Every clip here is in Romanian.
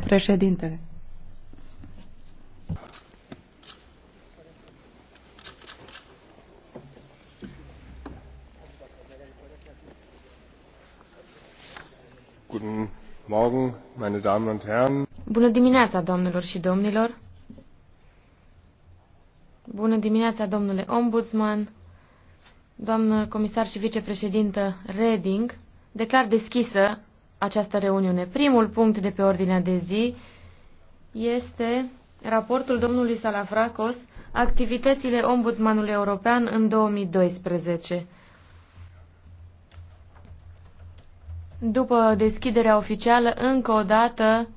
Președinte. Bună dimineața, doamnelor și domnilor. Bună dimineața, domnule ombudsman, doamnă comisar și vicepreședintă Reding. Declar deschisă această reuniune. Primul punct de pe ordinea de zi este raportul domnului Salafracos, activitățile Ombudsmanului European în 2012. După deschiderea oficială, încă o dată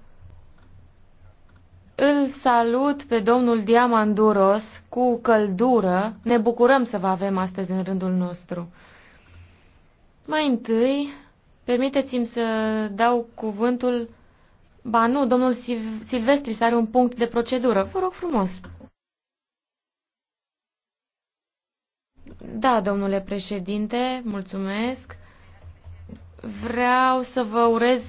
îl salut pe domnul Diamanduros cu căldură. Ne bucurăm să vă avem astăzi în rândul nostru. Mai întâi Permiteți-mi să dau cuvântul... Ba nu, domnul Silvestri să are un punct de procedură. Vă rog frumos. Da, domnule președinte, mulțumesc. Vreau să vă urez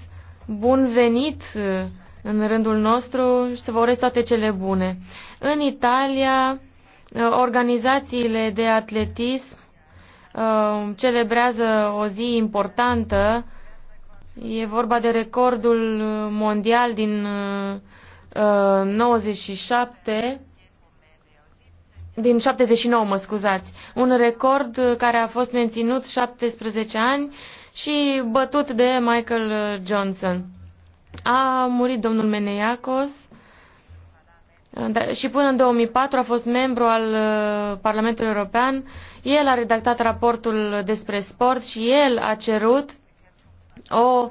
bun venit uh, în rândul nostru și să vă urez toate cele bune. În Italia, uh, organizațiile de atletism Uh, celebrează o zi importantă. E vorba de recordul mondial din uh, 97 din 79, mă scuzați, un record care a fost menținut 17 ani și bătut de Michael Johnson. A murit domnul Meneiacos da, și până în 2004 a fost membru al uh, Parlamentului European el a redactat raportul despre sport și el a cerut o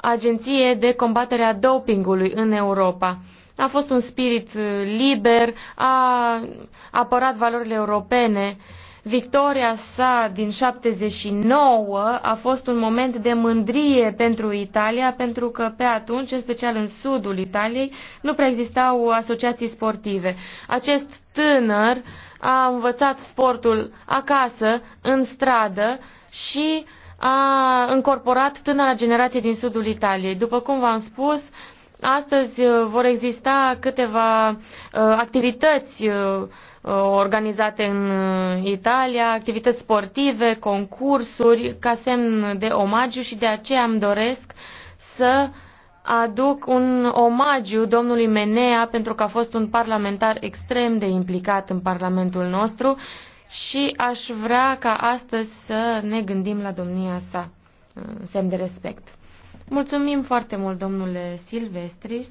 agenție de combatere a dopingului în Europa. A fost un spirit uh, liber, a apărat valorile europene. Victoria sa din 79 a fost un moment de mândrie pentru Italia, pentru că pe atunci, în special în sudul Italiei, nu prea existau asociații sportive. Acest tânăr uh, a învățat sportul acasă, în stradă și a încorporat tânăra generație din sudul Italiei. După cum v-am spus, astăzi uh, vor exista câteva uh, activități uh, uh organizate în uh, Italia, activități sportive, concursuri, ca semn de omagiu și de aceea îmi doresc să uh, aduc un omagiu domnului Menea pentru că a fost un parlamentar extrem de implicat în Parlamentul nostru și aș vrea ca astăzi să ne gândim la domnia sa, în semn de respect. Mulțumim foarte mult, domnule Silvestris,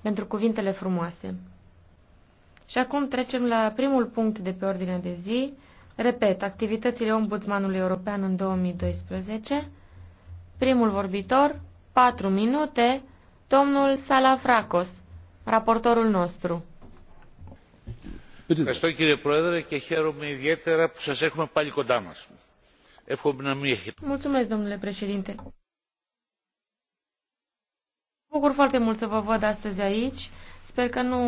pentru cuvintele frumoase. Și acum trecem la primul punct de pe ordinea de zi. Repet, activitățile Ombudsmanului European în 2012. Primul vorbitor, 4 minute, domnul Salafracos, raportorul nostru. Ευχαριστώ κύριε Πρόεδρε και χαίρομαι ιδιαίτερα που σας έχουμε πάλι κοντά μας. Εύχομαι να μην έχετε... Mulțumesc, domnule președinte. Bucur foarte mult să vă văd astăzi aici. Sper că nu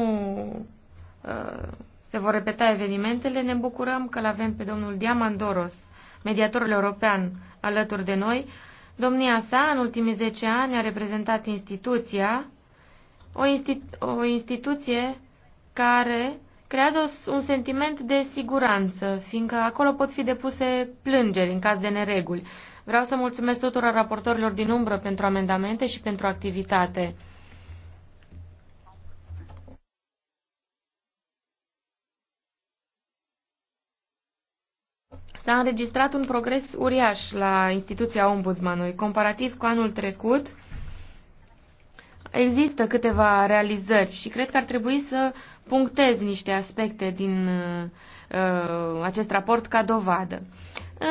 uh, se vor repeta evenimentele. Ne bucurăm că l avem pe domnul Diamandoros, mediatorul european, alături de noi. Domnia sa, în ultimii 10 ani, a reprezentat instituția, o, institu- o instituție care creează un sentiment de siguranță, fiindcă acolo pot fi depuse plângeri în caz de nereguli. Vreau să mulțumesc tuturor raportorilor din umbră pentru amendamente și pentru activitate. S-a înregistrat un progres uriaș la instituția ombudsmanului. Comparativ cu anul trecut, există câteva realizări și cred că ar trebui să punctez niște aspecte din uh, acest raport ca dovadă.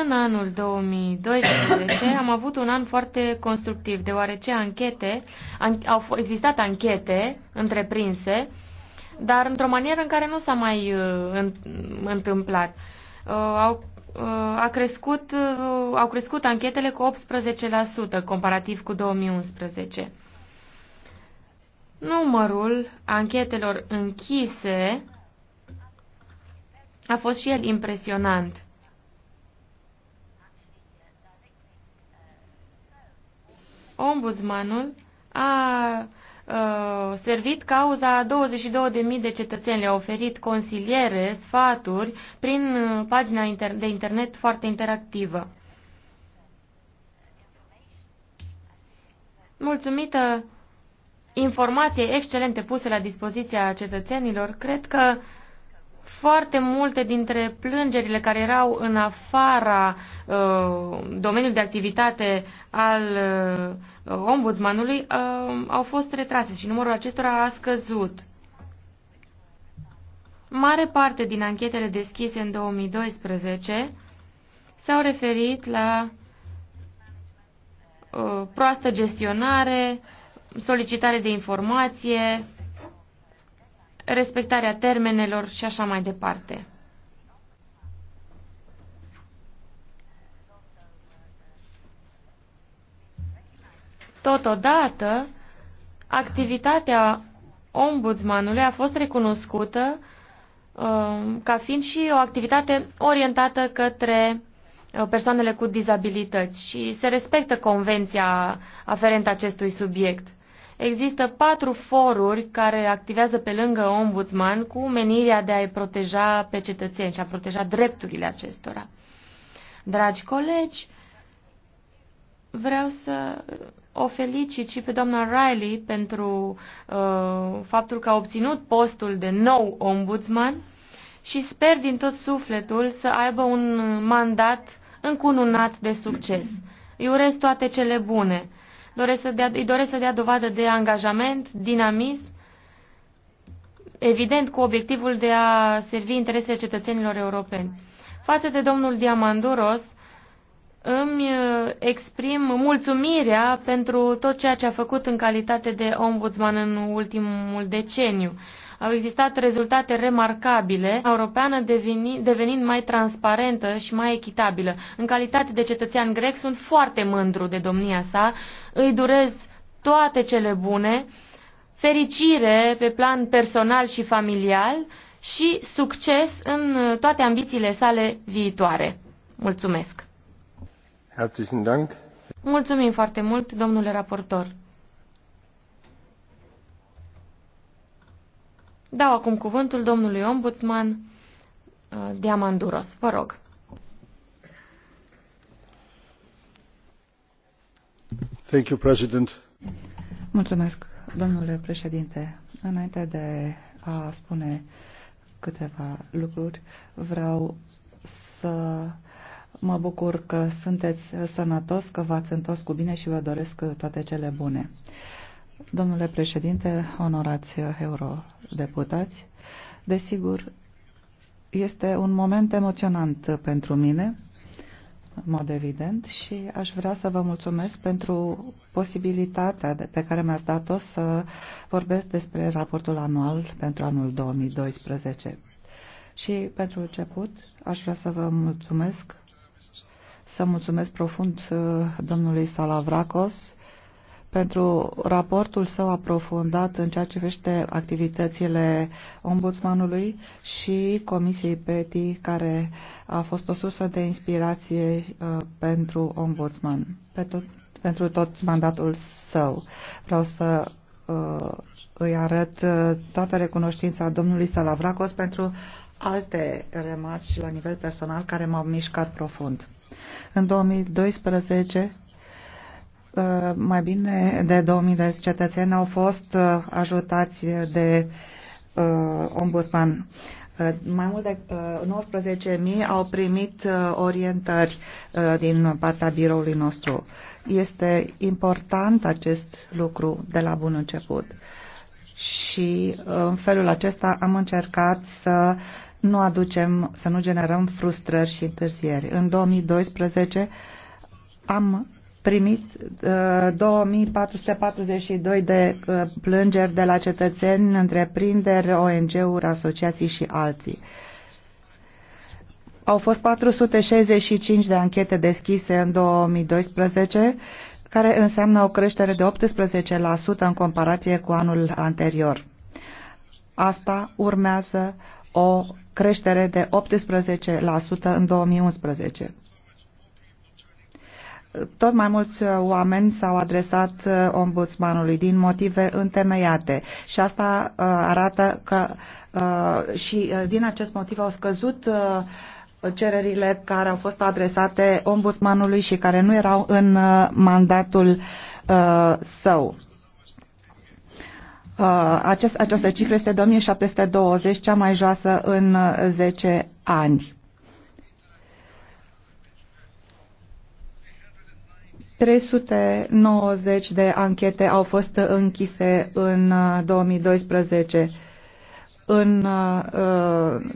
În anul 2012 am avut un an foarte constructiv, deoarece anchete, an, au existat anchete întreprinse, dar într-o manieră în care nu s-a mai uh, întâmplat. Uh, au a crescut, uh, au crescut anchetele cu 18% comparativ cu 2011. Numărul anchetelor închise a fost și el impresionant. Ombudsmanul a Uh, servit cauza 22.000 de cetățeni, le-a oferit consiliere, sfaturi, prin uh, pagina de internet foarte interactivă. Mulțumită informației excelente puse la dispoziția cetățenilor, cred că foarte multe dintre plângerile care erau în afara uh, domeniului de activitate al uh, ombudsmanului uh, au fost retrase și numărul acestora a scăzut. Mare parte din anchetele deschise în 2012 s-au referit la uh, proastă gestionare, solicitare de informație, respectarea termenelor și așa mai departe. Totodată, activitatea ombudsmanului a fost recunoscută um, ca fiind și o activitate orientată către uh, persoanele cu dizabilități și se respectă convenția aferentă acestui subiect. Există patru foruri care activează pe lângă ombudsman cu menirea de a-i proteja pe cetățeni și a proteja drepturile acestora. Dragi colegi, vreau să o felicit și pe doamna Riley pentru uh, faptul că a obținut postul de nou ombudsman și sper din tot sufletul să aibă un mandat încununat de succes. Îi urez toate cele bune doresc să dea, îi doresc să dea dovadă de angajament, dinamism, evident cu obiectivul de a servi interesele cetățenilor europeni. Față de domnul Diamanduros, îmi uh, exprim mulțumirea pentru tot ceea ce a făcut în calitate de ombudsman în ultimul deceniu. Au existat rezultate remarcabile, europeană deveni, devenind mai transparentă și mai echitabilă. În calitate de cetățean grec sunt foarte mândru de domnia sa, îi durez toate cele bune, fericire pe plan personal și familial și succes în toate ambițiile sale viitoare. Mulțumesc! Mulțumim foarte mult, domnule raportor. Dau acum cuvântul domnului ombudsman uh, Diamanduros. Vă rog. Thank you, President. Mulțumesc, domnule președinte. Înainte de a spune câteva lucruri, vreau să mă bucur că sunteți sănătos, că v-ați întors cu bine și vă doresc toate cele bune. Uh, Domnule președinte, onorați eurodeputați, desigur, este un moment emoționant pentru mine, în mod evident, și aș vrea să vă mulțumesc pentru posibilitatea pe care mi-ați dat-o să vorbesc despre raportul anual pentru anul 2012. Și pentru început aș vrea să vă mulțumesc, să mulțumesc profund uh, domnului Salavracos pentru raportul său aprofundat în ceea ce vește activitățile ombudsmanului și Comisiei PETI, care a fost o sursă de inspirație uh, pentru ombudsman, pe tot, pentru tot mandatul său. Vreau să uh, îi arăt uh, toată recunoștința domnului Salavracos pentru alte remarci la nivel personal care m-au mișcat profund. În 2012, Uh, mai bine de 2000 de cetățeni au fost uh, ajutați de uh, ombudsman. Mai mult de 19.000 au primit orientări din partea biroului nostru. Este important acest lucru de la bun început. Și în felul acesta am încercat să nu aducem, să nu generăm frustrări și întârzieri. În 2012 am primit 2442 uh, de uh, plângeri de la cetățeni, întreprinderi, ONG-uri, asociații și alții. Au fost 465 de anchete deschise în 2012, care înseamnă o creștere de 18% în comparație cu anul anterior. Asta urmează o creștere de 18% în 2011 tot mai mulți uh, oameni s-au adresat uh, ombudsmanului din motive întemeiate și asta uh, arată că și din acest motiv au scăzut cererile care au fost adresate ombudsmanului și care nu erau în mandatul său. această cifră este 2720, cea mai joasă în 10 ani. 390 de anchete au fost închise în 2012. Uh, în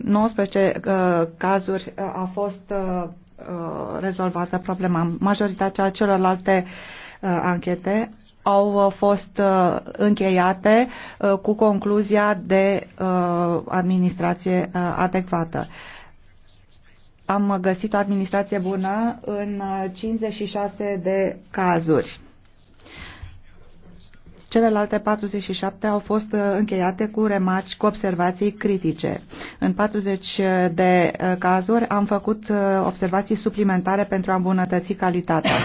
19 uh, uh, cazuri a fost rezolvată problema. Majoritatea celorlalte anchete au fost încheiate cu concluzia de administrație adecvată am găsit o administrație bună în 56 uh, de cazuri. Celelalte 47 au fost uh, încheiate cu remarci, cu observații critice. În 40 de uh, cazuri am făcut observații suplimentare pentru a îmbunătăți calitatea.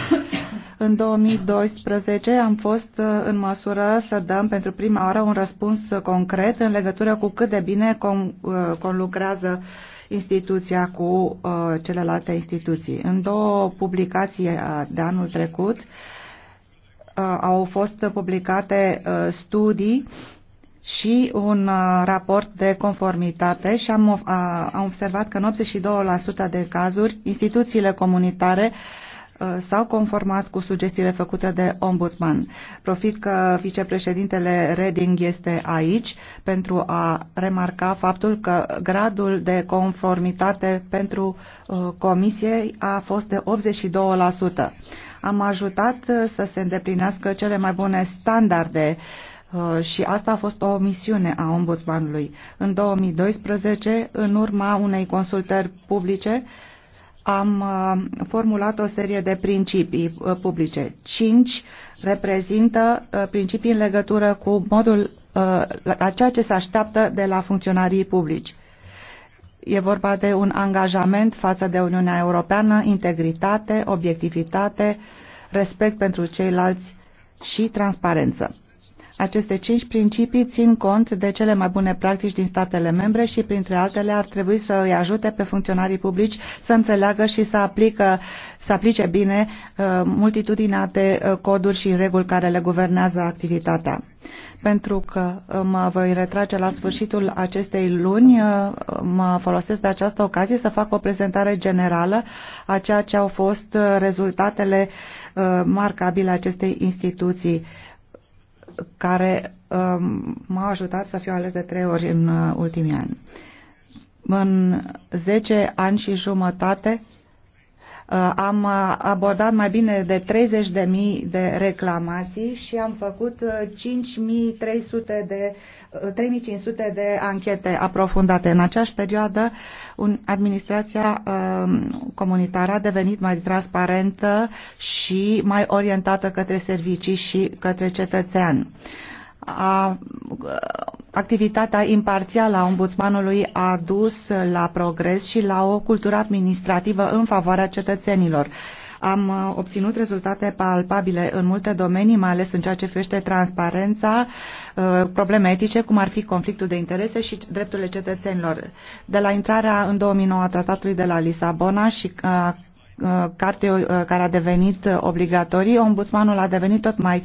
În 2012 am fost în măsură să dăm pentru prima oară un răspuns concret în legătură cu cât de bine conlucrează con instituția cu uh, celelalte instituții. În două publicații uh, de anul trecut uh, au fost publicate uh, studii și un uh, raport de conformitate și am, uh, am observat că în 82% de cazuri instituțiile comunitare uh, Uh, s-au conformat cu sugestiile făcute de ombudsman. Profit că vicepreședintele Reding este aici pentru a remarca faptul că gradul de conformitate pentru uh, comisie a fost de 82%. Am ajutat uh, să se îndeplinească cele mai bune standarde și asta a fost o misiune a ombudsmanului. În 2012, în urma unei consultări publice, am uh, formulat o serie de principii uh, publice. Cinci reprezintă uh, principii în legătură cu modul la ceea ce se așteaptă de la funcționarii publici. E vorba de un angajament față de Uniunea Europeană, integritate, obiectivitate, respect pentru ceilalți și transparență. Aceste cinci principii țin cont de cele mai bune practici din statele membre și, printre altele, ar trebui să îi ajute pe funcționarii publici să înțeleagă și să, aplică, să aplice bine uh, multitudinea de uh, coduri și reguli care le guvernează activitatea. Pentru că uh, mă voi retrage la sfârșitul acestei luni, mă folosesc de această ocazie să fac o prezentare generală a ceea ce au fost rezultatele marcabile acestei instituții care um, m-a ajutat să fiu ales de trei ori în uh, ultimii ani. În 10 ani și jumătate uh, am uh, abordat mai bine de 30.000 de reclamații și am făcut 5.300 de 3500 de anchete aprofundate. În aceeași perioadă, un, administrația uh, comunitară a devenit mai transparentă și mai orientată către servicii și către cetățean. A, activitatea imparțială a ombudsmanului a dus la progres și la o cultură administrativă în favoarea cetățenilor. Am uh, obținut rezultate palpabile în multe domenii, mai ales în ceea ce privește transparența, uh, probleme etice, cum ar fi conflictul de interese și drepturile cetățenilor. De la intrarea în 2009 a tratatului de la Lisabona și a uh, carte care a devenit obligatorii, ombudsmanul a devenit tot mai uh,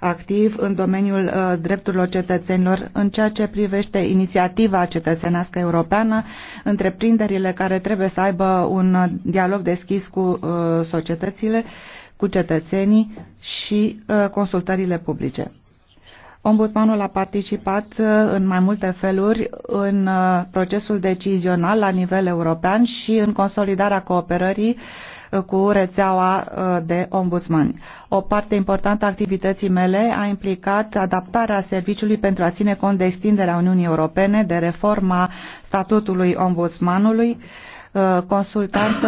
activ în domeniul uh, drepturilor cetățenilor în ceea ce privește inițiativa cetățenească europeană, întreprinderile care trebuie să aibă un uh, dialog deschis cu uh, societățile, cu cetățenii și consultările publice. Ombudsmanul a participat în mai multe feluri în procesul decizional la nivel european și în consolidarea cooperării cu rețeaua uh, de ombudsman. O parte importantă a activității mele a implicat adaptarea serviciului pentru a ține cont de extinderea Uniunii Europene, de reforma statutului ombudsmanului, uh, consultanță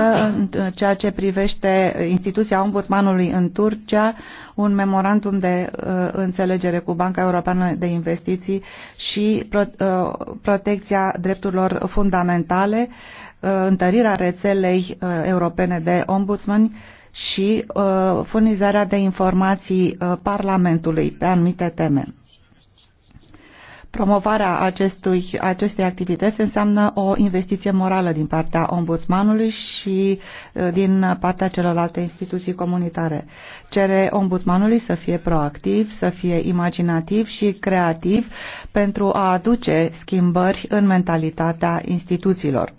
în ceea ce privește instituția ombudsmanului în Turcia, un memorandum de uh, înțelegere cu Banca Europeană de Investiții și protecția drepturilor fundamentale, Uh, întărirea rețelei uh, europene de ombudsman și uh, furnizarea de informații Parlamentului pe anumite teme. Promovarea acestui, acestei activități înseamnă o investiție morală din partea ombudsmanului și din partea celorlalte instituții comunitare. Cere ombudsmanului să fie proactiv, să fie imaginativ și creativ pentru a aduce schimbări în mentalitatea instituțiilor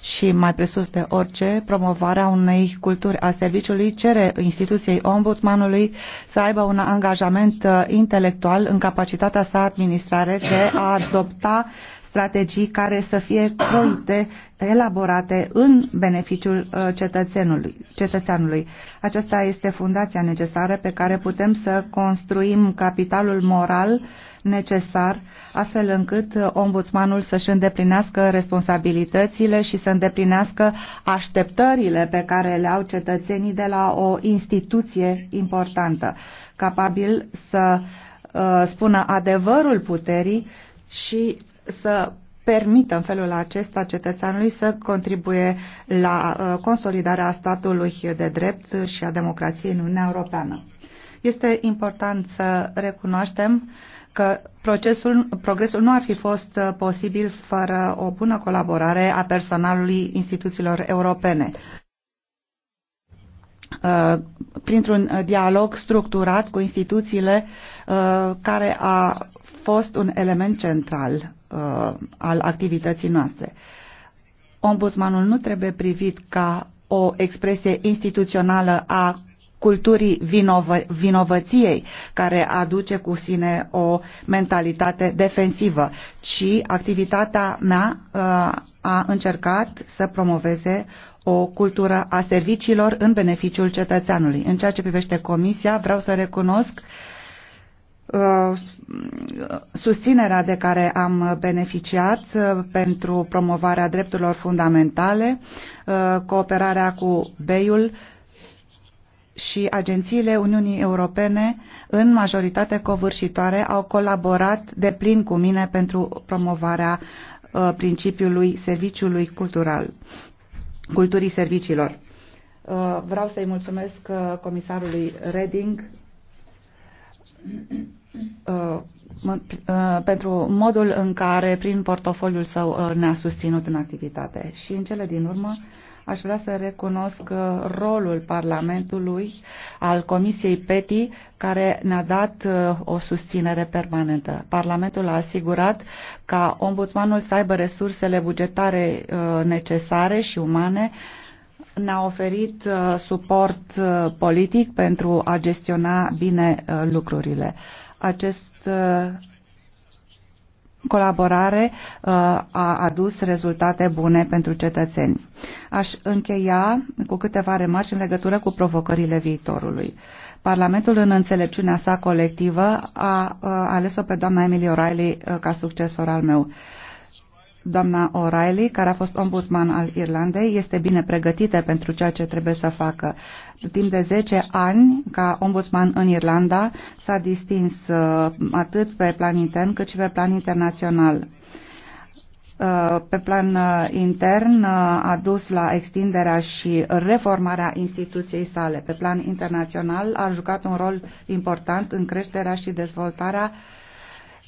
și mai presus de orice, promovarea unei culturi a serviciului cere instituției ombudsmanului să aibă un angajament uh, intelectual în capacitatea sa administrare de a adopta strategii care să fie croite, elaborate în beneficiul uh, cetățenului, cetățeanului. Aceasta este fundația necesară pe care putem să construim capitalul moral necesar astfel încât uh, ombudsmanul să-și îndeplinească responsabilitățile și să îndeplinească așteptările pe care le au cetățenii de la o instituție importantă, capabil să uh, spună adevărul puterii și să permită în felul acesta cetățeanului să contribuie la uh, consolidarea statului de drept și a democrației în Uniunea Europeană. Este important să recunoaștem că procesul, progresul nu ar fi fost uh, posibil fără o bună colaborare a personalului instituțiilor europene uh, printr-un dialog structurat cu instituțiile uh, care a fost un element central al activității noastre. Ombudsmanul nu trebuie privit ca o expresie instituțională a culturii vinovă, vinovăției, care aduce cu sine o mentalitate defensivă, ci activitatea mea uh, a încercat să promoveze o cultură a serviciilor în beneficiul cetățeanului. În ceea ce privește Comisia, vreau să recunosc uh, susținerea de care am beneficiat uh, pentru promovarea drepturilor fundamentale, cooperarea cu BEI-ul și agențiile Uniunii Europene, în majoritate covârșitoare, au colaborat de plin cu mine pentru promovarea uh, principiului serviciului cultural, culturii serviciilor. Uh, vreau să-i mulțumesc uh, comisarului Reding pentru modul în care, prin portofoliul său, ne-a susținut în activitate. Și în cele din urmă, Aș vrea să recunosc uh, rolul Parlamentului, al Comisiei PETI, care ne-a dat uh, o susținere permanentă. Parlamentul a asigurat ca ombudsmanul să aibă resursele bugetare uh, necesare și umane ne-a oferit suport politic pentru a gestiona bine lucrurile. Acest colaborare uh, a adus rezultate bune pentru cetățeni. Aș încheia cu câteva remarci în legătură cu provocările viitorului. Parlamentul, în înțelepciunea sa colectivă, a uh, ales-o pe doamna Emily O'Reilly uh, ca succesor al meu. Doamna O'Reilly, care a fost ombudsman al Irlandei, este bine pregătită pentru ceea ce trebuie să facă. Timp de 10 ani, ca ombudsman în Irlanda, s-a distins uh, atât pe plan intern cât și pe plan internațional. Uh, pe plan uh, intern a dus la extinderea și reformarea instituției sale. Pe plan internațional a jucat un rol important în creșterea și dezvoltarea uh,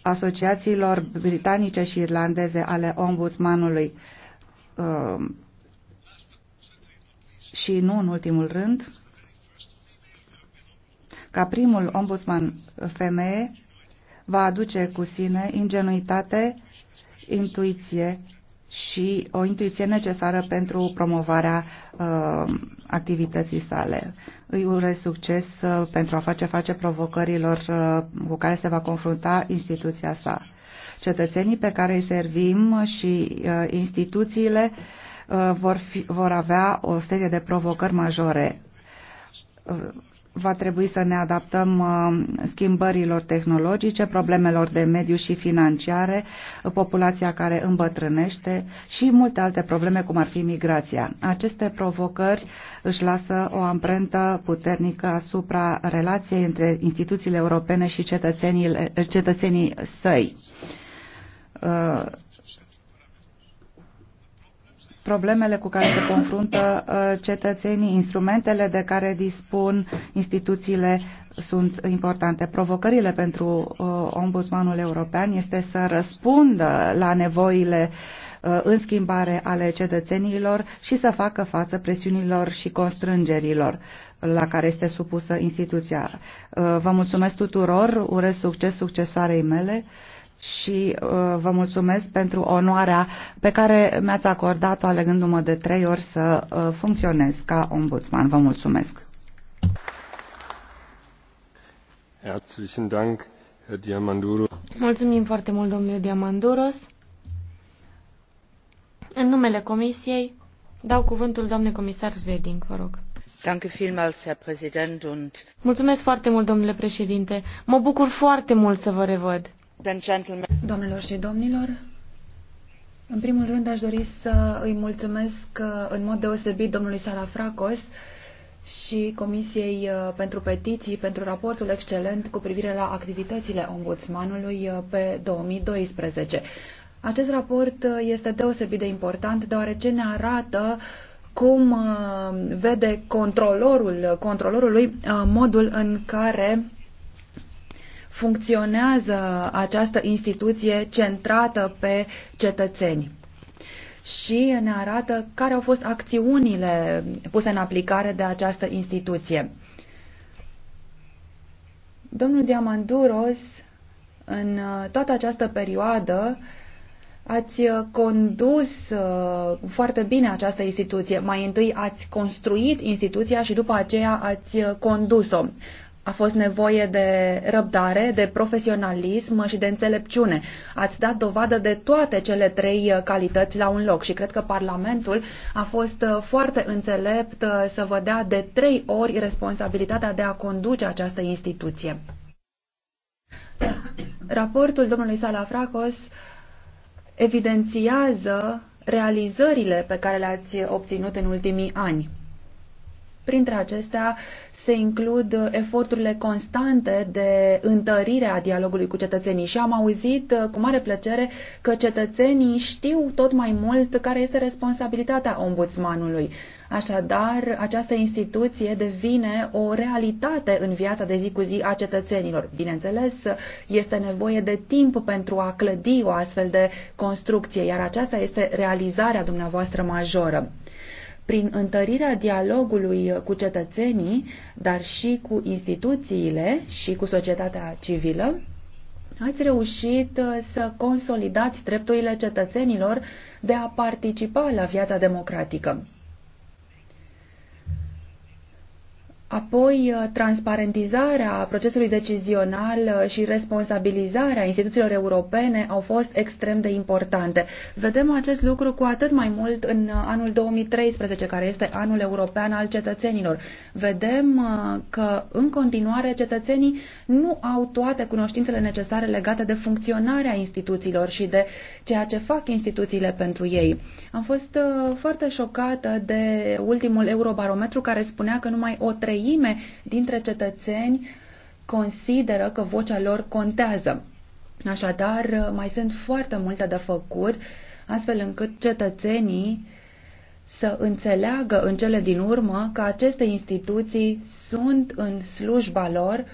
asociațiilor britanice și irlandeze ale ombudsmanului. Um, și nu în ultimul rând, ca primul ombudsman femeie, va aduce cu sine ingenuitate, intuiție și o intuiție necesară pentru promovarea uh, activității sale. Îi urez succes uh, pentru a face face provocărilor uh, cu care se va confrunta instituția sa. Cetățenii pe care îi servim și uh, instituțiile uh, vor, fi, vor avea o serie de provocări majore. Uh, va trebui să ne adaptăm uh, schimbărilor tehnologice, problemelor de mediu și financiare, uh, populația care îmbătrânește și multe alte probleme, cum ar fi migrația. Aceste provocări își lasă o amprentă puternică asupra relației între instituțiile europene și cetățenii săi uh, problemele cu care se confruntă uh, cetățenii, instrumentele de care dispun instituțiile sunt importante. Provocările pentru uh, ombudsmanul european este să răspundă la nevoile uh, în schimbare ale cetățenilor și să facă față presiunilor și constrângerilor la care este supusă instituția. Vă mulțumesc tuturor, urez succes succesoarei mele și uh, vă mulțumesc pentru onoarea pe care mi-ați acordat-o alegându-mă de trei ori să uh, funcționez ca ombudsman. Vă mulțumesc. Herzlichen Dank, Herr Diamandouros. Mulțumim foarte mult, domnule Diamandouros. În numele Comisiei, dau cuvântul doamnei comisar Reding, vă rog. Mulțumesc foarte mult, domnule președinte. Mă bucur foarte mult să vă revăd. Doamnelor și domnilor, în primul rând aș dori să îi mulțumesc uh, în mod deosebit domnului Salafracos și Comisiei uh, pentru Petiții pentru raportul excelent cu privire la activitățile ombudsmanului uh, pe 2012. Acest raport este deosebit de important deoarece ne arată cum vede controlorul, controlorului modul în care funcționează această instituție centrată pe cetățeni și ne arată care au fost acțiunile puse în aplicare de această instituție. Domnul Diamanduros, în uh, toată această perioadă, ați uh, condus uh, foarte bine această instituție. Mai întâi ați construit instituția și după aceea ați condus-o. A fost nevoie de răbdare, de profesionalism și de înțelepciune. Ați dat dovadă de toate cele trei uh, calități la un loc și cred că Parlamentul a fost uh, foarte înțelept uh, să vă dea de trei ori responsabilitatea de a conduce această instituție. Raportul domnului Salafracos evidențiază realizările pe care le-ați obținut în ultimii ani. Printre acestea se includ eforturile constante de întărire a dialogului cu cetățenii și am auzit uh, cu mare plăcere că cetățenii știu tot mai mult care este responsabilitatea ombudsmanului. Așadar, această instituție devine o realitate în viața de zi cu zi a cetățenilor. Bineînțeles, este nevoie de timp pentru a clădi o astfel de construcție, iar aceasta este realizarea dumneavoastră majoră prin întărirea dialogului cu cetățenii, dar și cu instituțiile și cu societatea civilă, ați reușit uh, să consolidați drepturile cetățenilor de a participa la viața democratică. Apoi, uh, transparentizarea procesului decizional uh, și responsabilizarea instituțiilor europene au fost extrem de importante. Vedem acest lucru cu atât mai mult în uh, anul 2013, care este anul european al cetățenilor. Vedem că, în continuare, cetățenii nu au toate cunoștințele necesare legate de funcționarea instituțiilor și de ceea ce fac instituțiile pentru ei. Am fost foarte șocată de ultimul eurobarometru care spunea că numai o treime treime dintre cetățeni consideră că vocea lor contează. Așadar, mai sunt foarte multe de făcut, astfel încât cetățenii să înțeleagă în cele din urmă că aceste instituții sunt în slujba lor,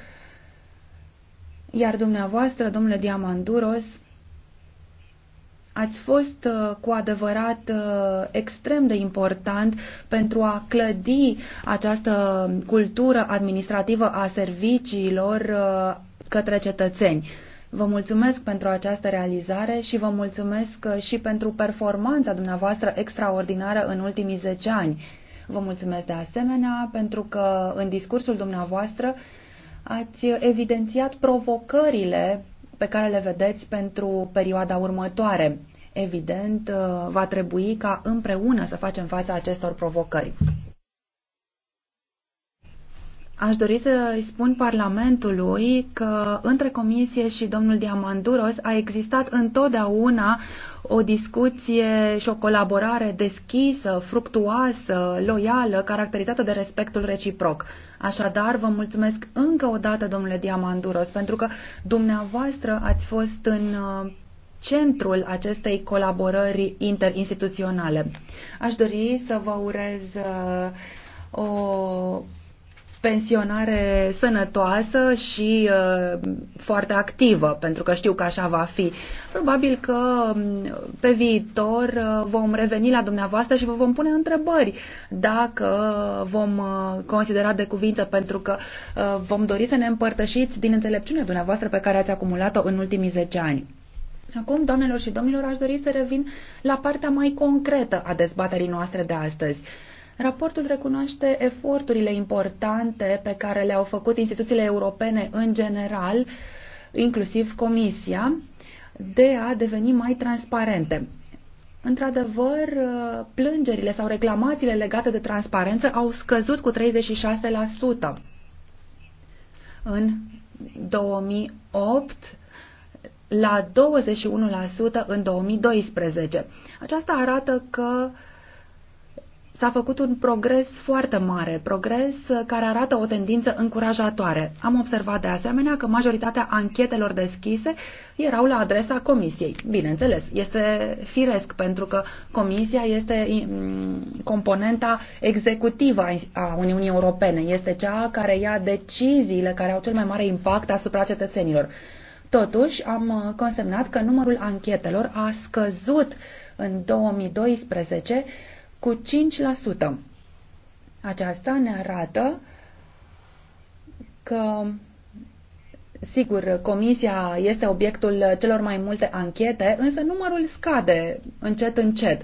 iar dumneavoastră, domnule Diamanduros, ați fost uh, cu adevărat uh, extrem de important pentru a clădi această cultură administrativă a serviciilor uh, către cetățeni. Vă mulțumesc pentru această realizare și vă mulțumesc și pentru performanța dumneavoastră extraordinară în ultimii 10 ani. Vă mulțumesc de asemenea pentru că în discursul dumneavoastră ați evidențiat provocările pe care le vedeți pentru perioada următoare evident, uh, va trebui ca împreună să facem fața acestor provocări. Aș dori să îi spun Parlamentului că între Comisie și domnul Diamanduros a existat întotdeauna o discuție și o colaborare deschisă, fructuoasă, loială, caracterizată de respectul reciproc. Așadar, vă mulțumesc încă o dată, domnule Diamanduros, pentru că dumneavoastră ați fost în uh, centrul acestei colaborări interinstituționale. Aș dori să vă urez uh, o pensionare sănătoasă și uh, foarte activă, pentru că știu că așa va fi. Probabil că um, pe viitor uh, vom reveni la dumneavoastră și vă vom pune întrebări dacă vom considera de cuvință, pentru că vom dori să ne împărtășiți din înțelepciunea dumneavoastră pe care ați acumulat-o în ultimii 10 ani. Acum, doamnelor și domnilor, aș dori să revin la partea mai concretă a dezbaterii noastre de astăzi. Raportul recunoaște eforturile importante pe care le-au făcut instituțiile europene în general, inclusiv Comisia, de a deveni mai transparente. Într-adevăr, plângerile sau reclamațiile legate de transparență au scăzut cu 36% în 2008 la 21% în 2012. Aceasta arată că s-a făcut un progres foarte mare, progres care arată o tendință încurajatoare. Am observat de asemenea că majoritatea anchetelor deschise erau la adresa comisiei. Bineînțeles, este firesc pentru că comisia este mm, componenta executivă a Uniunii Europene, este cea care ia deciziile care au cel mai mare impact asupra cetățenilor. Totuși, am uh, consemnat că numărul anchetelor a scăzut în 2012 cu 5%. Aceasta ne arată că Sigur, comisia este obiectul celor mai multe anchete, însă numărul scade încet încet.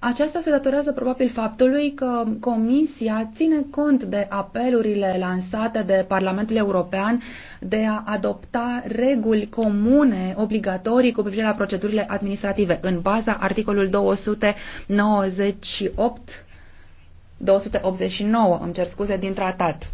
Aceasta se datorează probabil faptului că Comisia ține cont de apelurile lansate de Parlamentul European de a adopta reguli comune obligatorii cu privire la procedurile administrative în baza articolul 298 289, îmi cer scuze, din tratat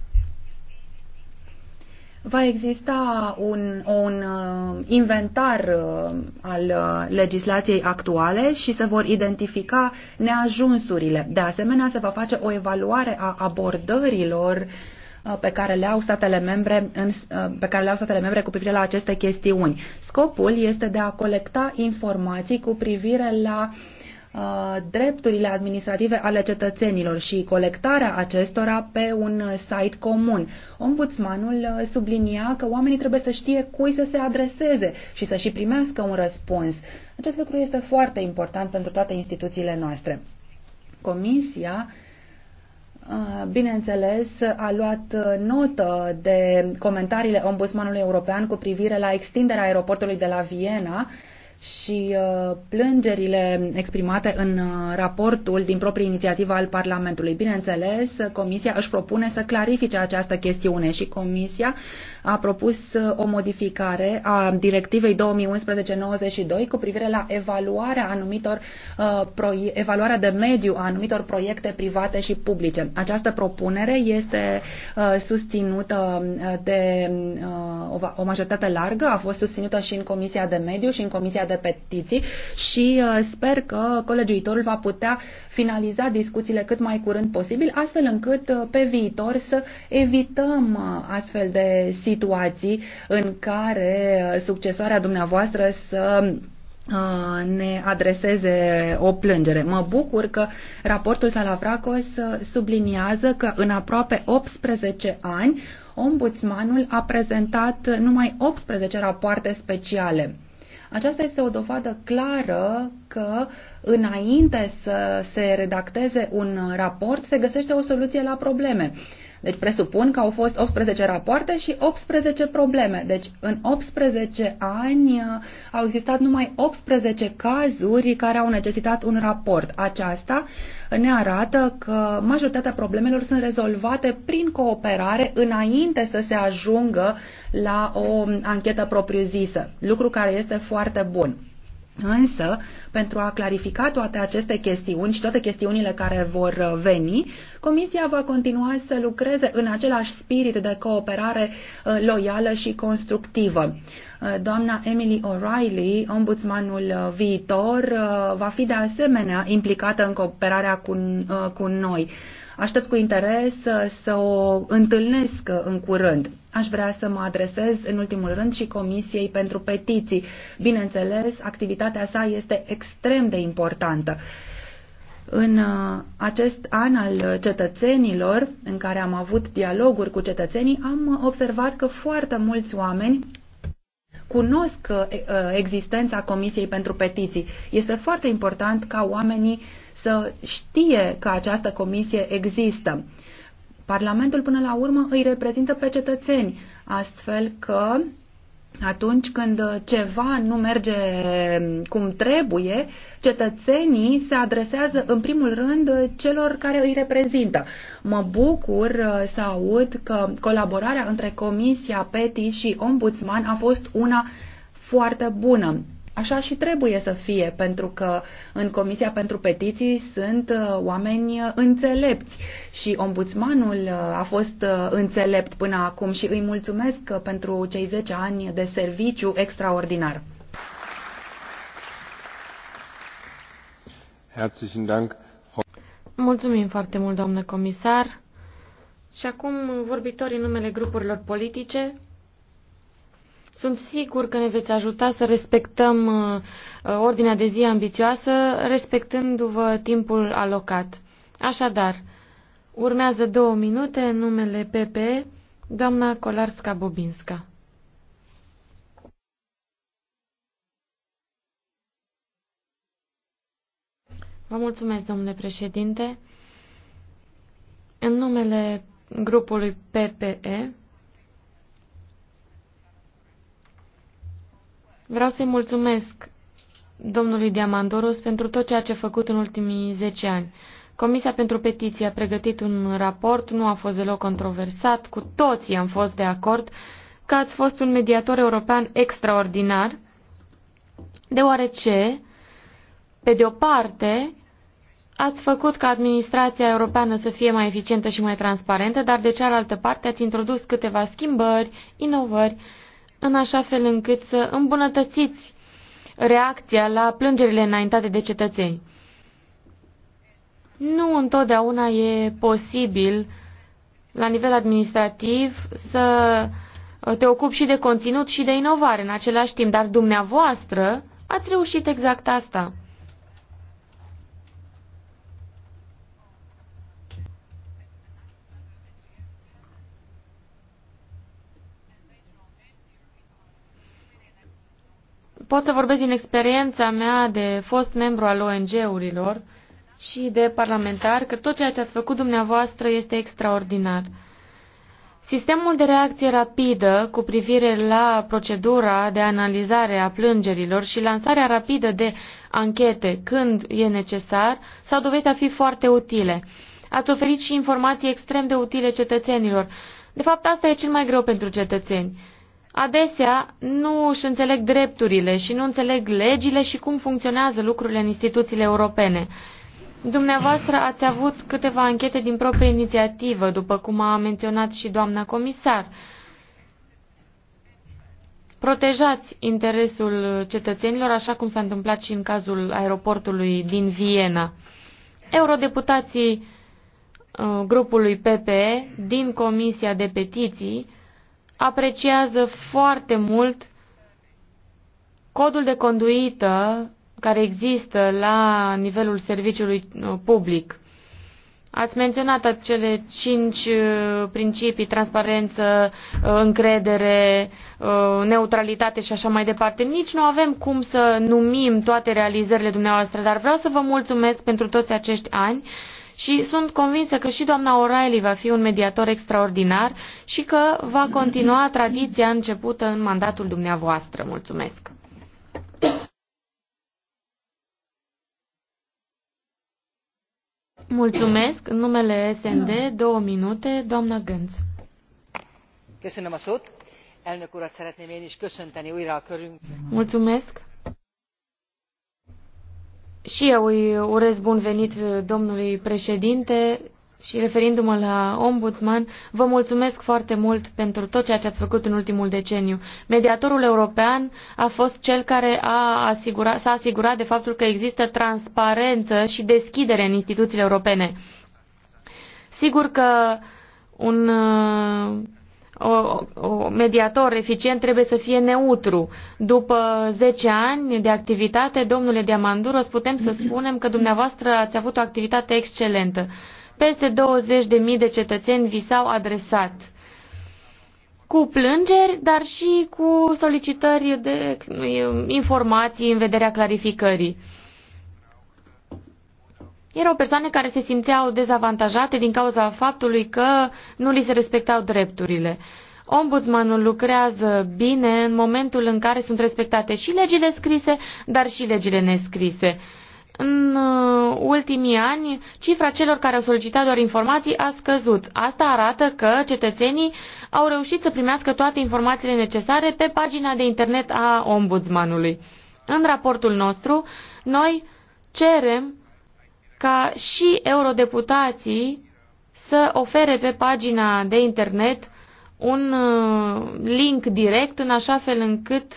va exista un, un uh, inventar uh, al uh, legislației actuale și se vor identifica neajunsurile. De asemenea, se va face o evaluare a abordărilor uh, pe care le au statele membre în, uh, pe care le au statele membre cu privire la aceste chestiuni. Scopul este de a colecta informații cu privire la uh, Uh, drepturile administrative ale cetățenilor și colectarea acestora pe un site comun. Ombudsmanul uh, sublinia că oamenii trebuie să știe cui să se adreseze și să și primească un răspuns. Acest lucru este foarte important pentru toate instituțiile noastre. Comisia uh, bineînțeles, a luat notă de comentariile Ombudsmanului European cu privire la extinderea aeroportului de la Viena și uh, plângerile exprimate în uh, raportul din proprie inițiativă al Parlamentului. Bineînțeles, Comisia își propune să clarifice această chestiune și Comisia a propus uh, o modificare a directivei 2011-92 cu privire la evaluarea anumitor uh, evaluarea de mediu a anumitor proiecte private și publice. Această propunere este uh, susținută de o majoritate largă, a fost susținută și în Comisia de Mediu și în Comisia de Petiții și sper că colegiuitorul va putea finaliza discuțiile cât mai curând posibil, astfel încât pe viitor să evităm astfel de situații situații în care uh, succesoarea dumneavoastră să uh, ne adreseze o plângere. Mă bucur că raportul Salavracos uh, subliniază că în aproape 18 ani ombudsmanul a prezentat numai 18 rapoarte speciale. Aceasta este o dovadă clară că înainte să se redacteze un raport se găsește o soluție la probleme. Deci presupun că au fost 18 rapoarte și 18 probleme. Deci în 18 ani uh, au existat numai 18 cazuri care au necesitat un raport. Aceasta ne arată că majoritatea problemelor sunt rezolvate prin cooperare înainte să se ajungă la o um, anchetă propriu-zisă, lucru care este foarte bun. Însă, pentru a clarifica toate aceste chestiuni și toate chestiunile care vor uh, veni, Comisia va continua să lucreze în același spirit de cooperare uh, loială și constructivă. Uh, doamna Emily O'Reilly, ombudsmanul viitor, va fi de asemenea implicată în cooperarea cu, cu noi. Aștept cu interes să o întâlnesc în curând. Aș vrea să mă adresez în ultimul rând și Comisiei pentru Petiții. Bineînțeles, activitatea sa este extrem de importantă. În uh, acest an al cetățenilor, în care am avut dialoguri cu cetățenii, am observat că foarte mulți oameni cunosc uh, existența Comisiei pentru Petiții. Este foarte important ca oamenii să știe că această comisie există. Parlamentul până la urmă îi reprezintă pe cetățeni, astfel că atunci când ceva nu merge cum trebuie, cetățenii se adresează în primul rând celor care îi reprezintă. Mă bucur să aud că colaborarea între Comisia PETI și Ombudsman a fost una foarte bună. Așa și trebuie să fie, pentru că în Comisia pentru Petiții sunt uh, oameni uh, înțelepți și ombudsmanul uh, a fost înțelept până acum și îi mulțumesc pentru cei 10 ani de serviciu extraordinar. Mulțumim foarte mult, doamnă comisar. Și acum vorbitorii numele grupurilor politice. Sunt sigur că ne veți ajuta să respectăm uh, uh, ordinea de zi ambițioasă, respectându-vă timpul alocat. Așadar, urmează două minute în numele PP, doamna Kolarska-Bobinska. Vă mulțumesc, domnule președinte. În numele grupului PPE, Vreau să-i mulțumesc domnului Diamandoros pentru tot ceea ce a făcut în ultimii 10 ani. Comisia pentru petiții a pregătit un raport, nu a fost deloc controversat, cu toții am fost de acord că ați fost un mediator european extraordinar, deoarece, pe de o parte, ați făcut ca administrația europeană să fie mai eficientă și mai transparentă, dar de cealaltă parte ați introdus câteva schimbări, inovări, în așa fel încât să îmbunătățiți reacția la plângerile înaintate de cetățeni. Nu întotdeauna e posibil la nivel administrativ să te ocupi și de conținut și de inovare în același timp, dar dumneavoastră ați reușit exact asta. pot să vorbesc din experiența mea de fost membru al ONG-urilor și de parlamentar că tot ceea ce ați făcut dumneavoastră este extraordinar. Sistemul de reacție rapidă cu privire la procedura de analizare a plângerilor și lansarea rapidă de anchete când e necesar s-au dovedit a fi foarte utile. Ați oferit și informații extrem de utile cetățenilor. De fapt, asta e cel mai greu pentru cetățeni adesea nu își înțeleg drepturile și nu înțeleg legile și cum funcționează lucrurile în instituțiile europene. Dumneavoastră ați avut câteva anchete din proprie inițiativă, după cum a menționat și doamna comisar. Protejați interesul cetățenilor, așa cum s-a întâmplat și în cazul aeroportului din Viena. Eurodeputații uh, grupului PPE din Comisia de Petiții apreciază foarte mult codul de conduită care există la nivelul serviciului uh, public. Ați menționat acele cinci uh, principii, transparență, uh, încredere, neutralitate și așa mai departe. Nici nu avem cum să numim toate realizările dumneavoastră, dar vreau să vă mulțumesc pentru toți acești ani și sunt convinsă că și doamna O'Reilly va fi un mediator extraordinar și că va continua tradiția începută în mandatul dumneavoastră. Mulțumesc! Mulțumesc. În numele SND, două minute, doamna Gânț. Mulțumesc. Și eu îi urez bun venit domnului președinte și referindu-mă la ombudsman, vă mulțumesc foarte mult pentru tot ceea ce ați făcut în ultimul deceniu. Mediatorul european a fost cel care a asigura, s-a asigurat de faptul că există transparență și deschidere în instituțiile europene. Sigur că un o, o mediator eficient trebuie să fie neutru. După 10 ani de activitate, domnule Diamanduros, putem să spunem că dumneavoastră ați avut o activitate excelentă. Peste 20.000 de cetățeni vi s-au adresat cu plângeri, dar și cu solicitări de informații în vederea clarificării erau persoane care se simțeau dezavantajate din cauza faptului că nu li se respectau drepturile. Ombudsmanul lucrează bine în momentul în care sunt respectate și legile scrise, dar și legile nescrise. În uh, ultimii ani, cifra celor care au solicitat doar informații a scăzut. Asta arată că cetățenii au reușit să primească toate informațiile necesare pe pagina de internet a ombudsmanului. În raportul nostru, noi cerem ca și eurodeputații să ofere pe pagina de internet un uh, link direct în așa fel încât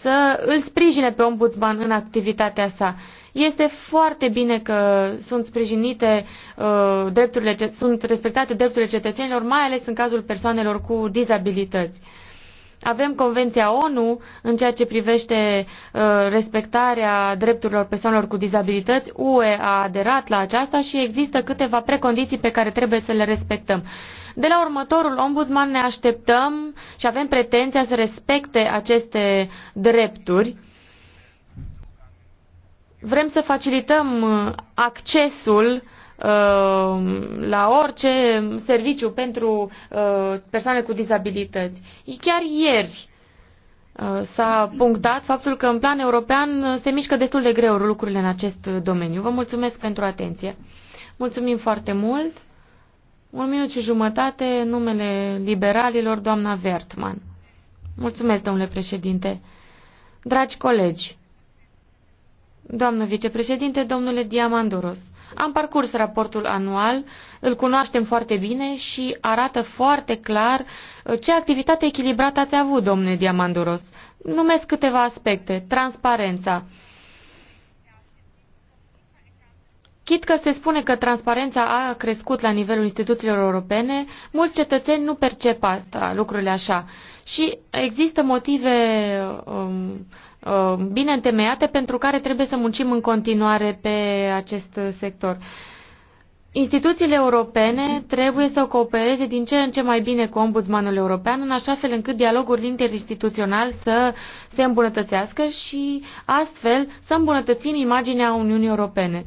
să îl sprijine pe ombudsman în activitatea sa. Este foarte bine că sunt sprijinite uh, drepturile, sunt respectate drepturile cetățenilor, mai ales în cazul persoanelor cu dizabilități. Avem Convenția ONU în ceea ce privește uh, respectarea drepturilor persoanelor cu dizabilități. UE a aderat la aceasta și există câteva precondiții pe care trebuie să le respectăm. De la următorul ombudsman ne așteptăm și avem pretenția să respecte aceste drepturi. Vrem să facilităm uh, accesul uh, Uh, la orice serviciu pentru uh, persoane cu dizabilități. Chiar ieri uh, s-a punctat faptul că în plan european se mișcă destul de greu lucrurile în acest domeniu. Vă mulțumesc pentru atenție. Mulțumim foarte mult. Un minut și jumătate, numele liberalilor, doamna Vertman. Mulțumesc, domnule președinte. Dragi colegi, doamnă vicepreședinte, domnule Diamandoros, am parcurs raportul anual, îl cunoaștem foarte bine și arată foarte clar uh, ce activitate echilibrată ați avut, domnule Diamanduros. Numesc câteva aspecte. Transparența. Chit că se spune că transparența a crescut la nivelul instituțiilor europene, mulți cetățeni nu percep asta, lucrurile așa. Și există motive um, Uh, bine întemeiate pentru care trebuie să muncim în continuare pe acest sector. Instituțiile europene trebuie să coopereze din ce în ce mai bine cu ombudsmanul european, în așa fel încât dialogul interinstituțional să se îmbunătățească și astfel să îmbunătățim imaginea Uniunii Europene.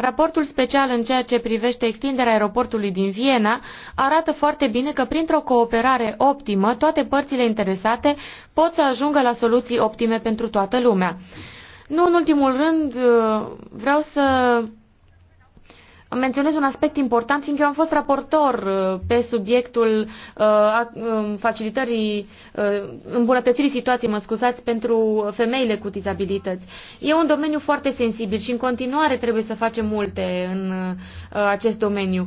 Raportul special în ceea ce privește extinderea aeroportului din Viena arată foarte bine că printr-o cooperare optimă toate părțile interesate pot să ajungă la soluții optime pentru toată lumea. Nu în ultimul rând uh, vreau să menționez un aspect important, fiindcă eu am fost raportor uh, pe subiectul uh, um, facilitării, uh, îmbunătățirii situației, mă scuzați, pentru femeile cu dizabilități. E un domeniu foarte sensibil și în continuare trebuie să facem multe în acest domeniu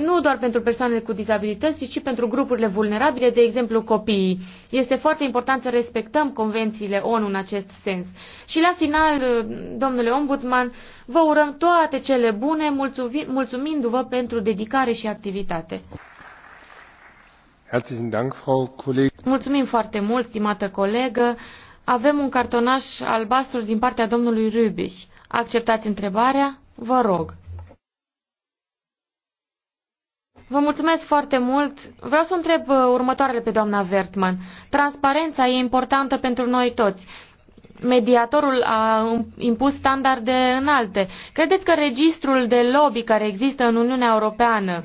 nu doar pentru persoanele cu dizabilități, ci și pentru grupurile vulnerabile, de exemplu copiii. Este foarte important să respectăm convențiile ONU în acest sens. Și la final, domnule ombudsman, vă urăm toate cele bune, mulțumindu-vă pentru dedicare și activitate. Mulțumim foarte mult, stimată colegă. Avem un cartonaș albastru din partea domnului Rubiș. Acceptați întrebarea? Vă rog. Vă mulțumesc foarte mult. Vreau să întreb uh, următoarele pe doamna Vertman. Transparența e importantă pentru noi toți. Mediatorul a impus standarde înalte. Credeți că registrul de lobby care există în Uniunea Europeană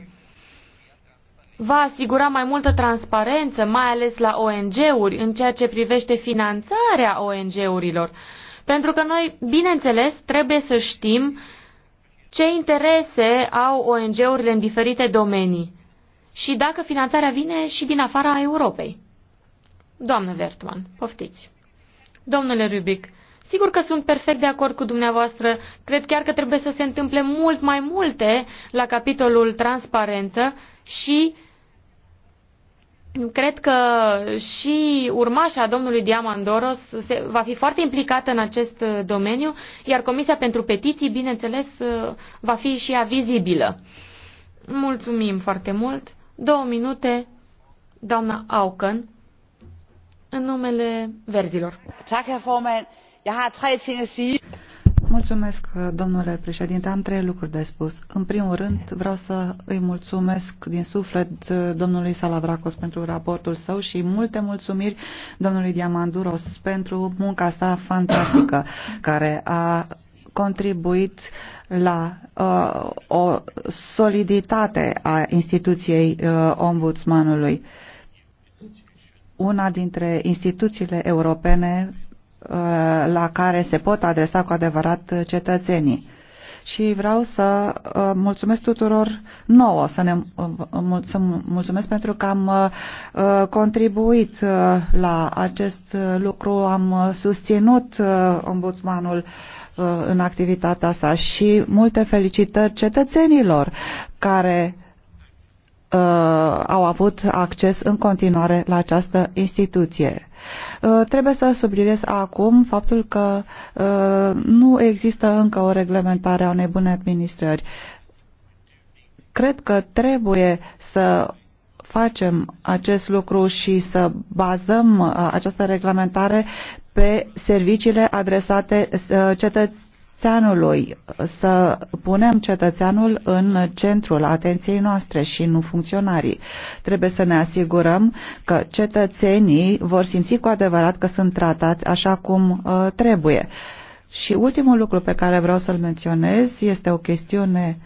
va asigura mai multă transparență, mai ales la ONG-uri, în ceea ce privește finanțarea ONG-urilor? Pentru că noi, bineînțeles, trebuie să știm ce interese au ONG-urile în diferite domenii și dacă finanțarea vine și din afara Europei. Doamnă Vertman, poftiți. Domnule Rubic, sigur că sunt perfect de acord cu dumneavoastră. Cred chiar că trebuie să se întâmple mult mai multe la capitolul transparență și Cred că și urmașa domnului Diamandoros se, va fi foarte implicată în acest uh, domeniu, iar Comisia pentru Petiții, bineînțeles, uh, va fi și ea vizibilă. Mulțumim foarte mult. Două minute, doamna Auken, în numele verzilor. Tak, herr Forman. Jeg har tre ting at sige. Mulțumesc, domnule președinte. Am trei lucruri de spus. În primul rând, vreau să îi mulțumesc din suflet domnului Salavracos pentru raportul său și multe mulțumiri domnului Diamanduros pentru munca sa fantastică, care a contribuit la uh, o soliditate a instituției uh, ombudsmanului. Una dintre instituțiile europene Uh, la care se pot adresa cu adevărat cetățenii. Și vreau să uh, mulțumesc tuturor nouă, să, ne, uh, să mulțumesc pentru că am contribuit la acest lucru, am susținut ombudsmanul în activitatea sa și multe felicitări cetățenilor care au avut acces în continuare la această instituție. Uh, trebuie să subliniez acum faptul că uh, nu există încă o reglementare a unei bune administrări. Cred că trebuie să facem acest lucru și să bazăm uh, această reglementare pe serviciile adresate cetățenilor cetățeanului, să punem cetățeanul în centrul atenției noastre și nu funcționarii. Trebuie să ne asigurăm că cetățenii vor simți cu adevărat că sunt tratați așa cum uh, trebuie. Și ultimul lucru pe care vreau să-l menționez este o chestiune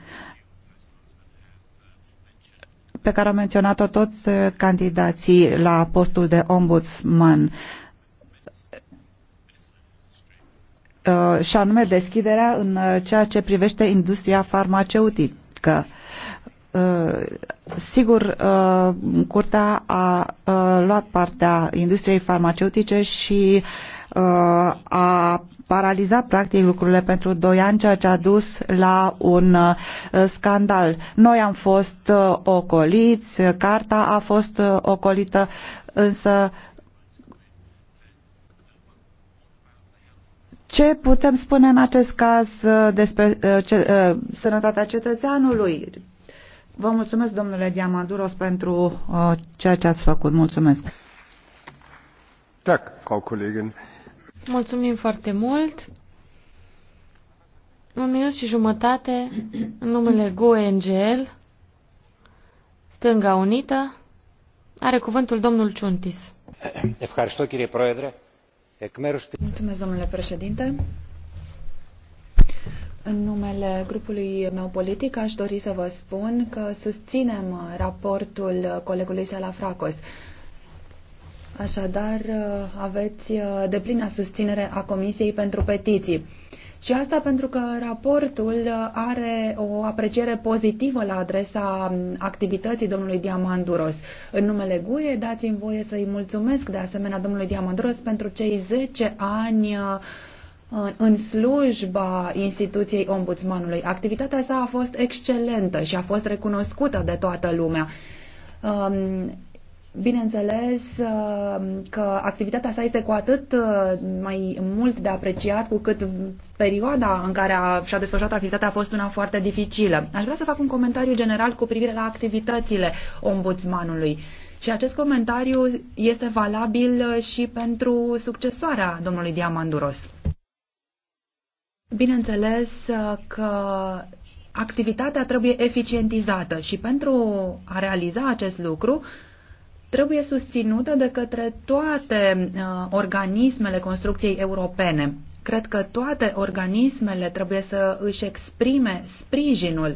pe care au menționat-o toți uh, candidații la postul de ombudsman. Uh, Uh, și anume deschiderea în uh, ceea ce privește industria farmaceutică. Uh, sigur, curtea a luat partea industriei farmaceutice și a paralizat practic lucrurile pentru doi ani, ceea ce a dus la un scandal. Noi am fost ocoliți, carta a fost ocolită, însă Ce putem spune în acest caz uh, despre uh, ce, uh, sănătatea cetățeanului? Vă mulțumesc, domnule Diamanduros, pentru ceea ce ați făcut. Mulțumesc. Tak, Frau Kollegin. Mulțumim foarte mult. Un minut și jumătate, în numele gue Stânga Unită, are cuvântul domnul Ciuntis. Ευχαριστώ κύριε Πρόεδρε. În numele grupului meu politic aș dori să vă spun că susținem raportul colegului Salafracos. Așadar, aveți deplină susținere a Comisiei pentru Petiții. Și asta pentru că raportul are o apreciere pozitivă la adresa activității domnului Diamanduros. În numele GUE dați-mi voie să-i mulțumesc de asemenea domnului Diamanduros pentru cei 10 ani uh, în slujba instituției ombudsmanului. Activitatea sa a fost excelentă și a fost recunoscută de toată lumea. Um, Bineînțeles uh, că activitatea sa este cu atât uh, mai mult de apreciat cu cât perioada în care a, și-a desfășurat activitatea a fost una foarte dificilă. Aș vrea să fac un comentariu general cu privire la activitățile ombudsmanului. Și acest comentariu este valabil uh, și pentru succesoarea domnului Diamanduros. Bineînțeles că activitatea trebuie eficientizată și pentru a realiza acest lucru, trebuie susținută de către toate uh, organismele construcției europene. Cred că toate organismele trebuie să își exprime sprijinul,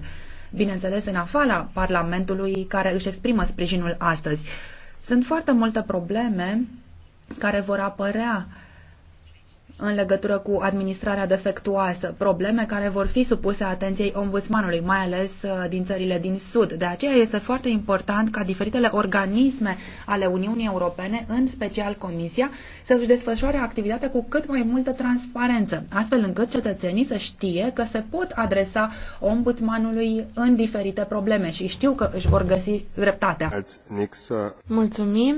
bineînțeles în afara Parlamentului care își exprimă sprijinul astăzi. Sunt foarte multe probleme care vor apărea în legătură cu administrarea defectuoasă, probleme care vor fi supuse atenției ombudsmanului, mai ales uh, din țările din Sud. De aceea este foarte important ca diferitele organisme ale Uniunii Europene, în special Comisia, să își desfășoare activitatea cu cât mai multă transparență, astfel încât cetățenii să știe că se pot adresa ombudsmanului în diferite probleme și știu că își vor găsi dreptatea. Mulțumim!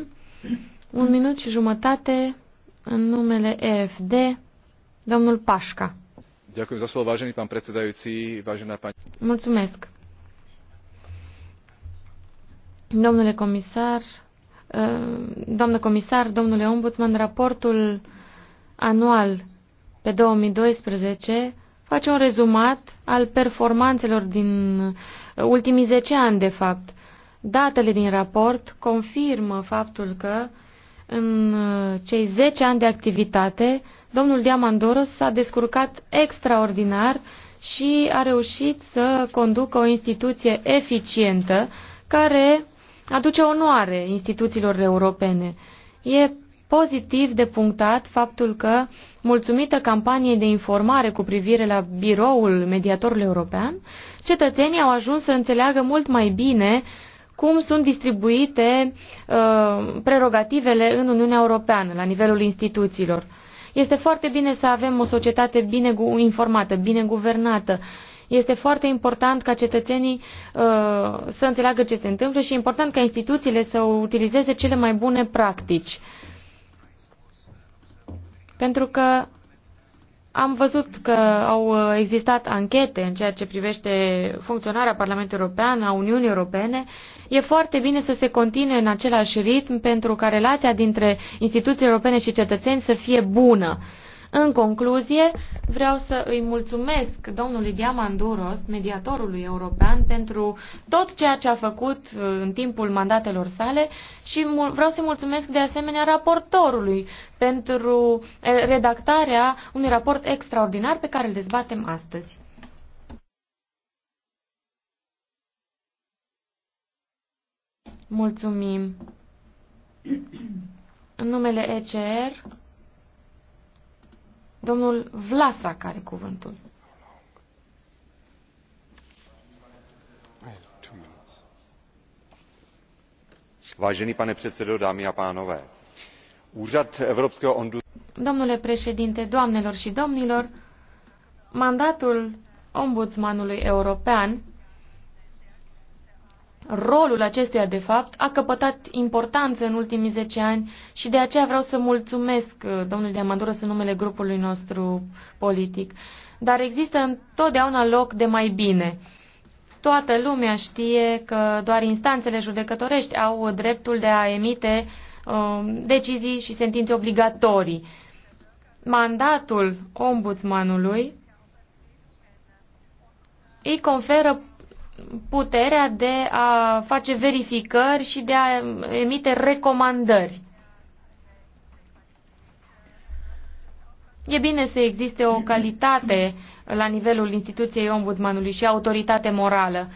Un minut și jumătate în numele EFD, domnul Pașca. Ďakujem za slovo, vážený pán predsedajúci, vážená pani... Mulțumesc. Domnule comisar, ă, doamnă comisar, domnule ombudsman, raportul anual pe 2012 face un rezumat al performanțelor din ultimii 10 ani, de fapt. Datele din raport confirmă faptul că uh, în uh, cei 10 ani de activitate, domnul Diamandoros s-a descurcat extraordinar și a reușit să conducă o instituție eficientă care aduce onoare instituțiilor europene. E pozitiv de punctat faptul că, mulțumită campaniei de informare cu privire la biroul mediatorului european, cetățenii au ajuns să înțeleagă mult mai bine cum sunt distribuite uh, prerogativele în Uniunea Europeană, la nivelul instituțiilor. Este foarte bine să avem o societate bine informată, bine guvernată. Este foarte important ca cetățenii uh, să înțeleagă ce se întâmplă și e important ca instituțiile să utilizeze cele mai bune practici. Pentru că am văzut că au uh, existat anchete în ceea ce privește funcționarea Parlamentului European, a Uniunii Europene. E foarte bine să se continue în același ritm pentru ca relația dintre instituțiile europene și cetățeni să fie bună. În concluzie, vreau să îi mulțumesc domnului Diamanduros, mediatorului european, pentru tot ceea ce a făcut uh, în timpul mandatelor sale și vreau să-i mulțumesc de asemenea raportorului pentru uh, redactarea unui raport extraordinar pe care îl dezbatem astăzi. Mulțumim. În numele ECR, Domnul Vlasa care cuvântul. Vážený pane předsedo, dámy a pánové, Úřad Evropského ondu... Domnule președinte, doamnelor și domnilor, mandatul ombudsmanului european rolul acestuia, de fapt, a căpătat importanță în ultimii 10 ani și de aceea vreau să mulțumesc uh, domnului Diamanduros în numele grupului nostru politic. Dar există întotdeauna loc de mai bine. Toată lumea știe că doar instanțele judecătorești au dreptul de a emite um, decizii și sentințe obligatorii. Mandatul ombudsmanului îi conferă puterea de a face verificări și de a emite recomandări. E bine să existe o calitate la nivelul instituției ombudsmanului și autoritate morală,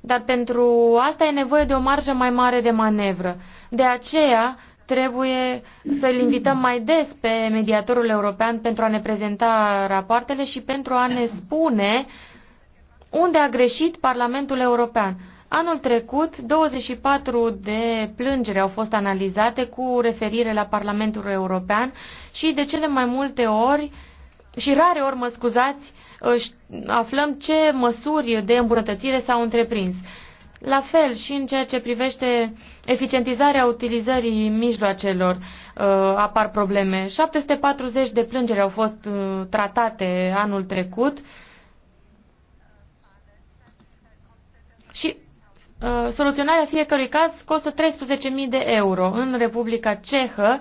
dar pentru asta e nevoie de o marjă mai mare de manevră. De aceea trebuie să-l invităm mai des pe mediatorul european pentru a ne prezenta rapoartele și pentru a ne spune uh, unde a greșit Parlamentul European. Anul trecut, 24 de plângeri au fost analizate cu referire la Parlamentul European și de cele mai multe ori, și rare ori, mă scuzați, aflăm ce măsuri de îmbunătățire s-au întreprins. La fel și în ceea ce privește eficientizarea utilizării mijloacelor uh, apar probleme. 740 de plângeri au fost uh, tratate anul trecut, și uh, soluționarea fiecărui caz costă 13.000 de euro. În Republica Cehă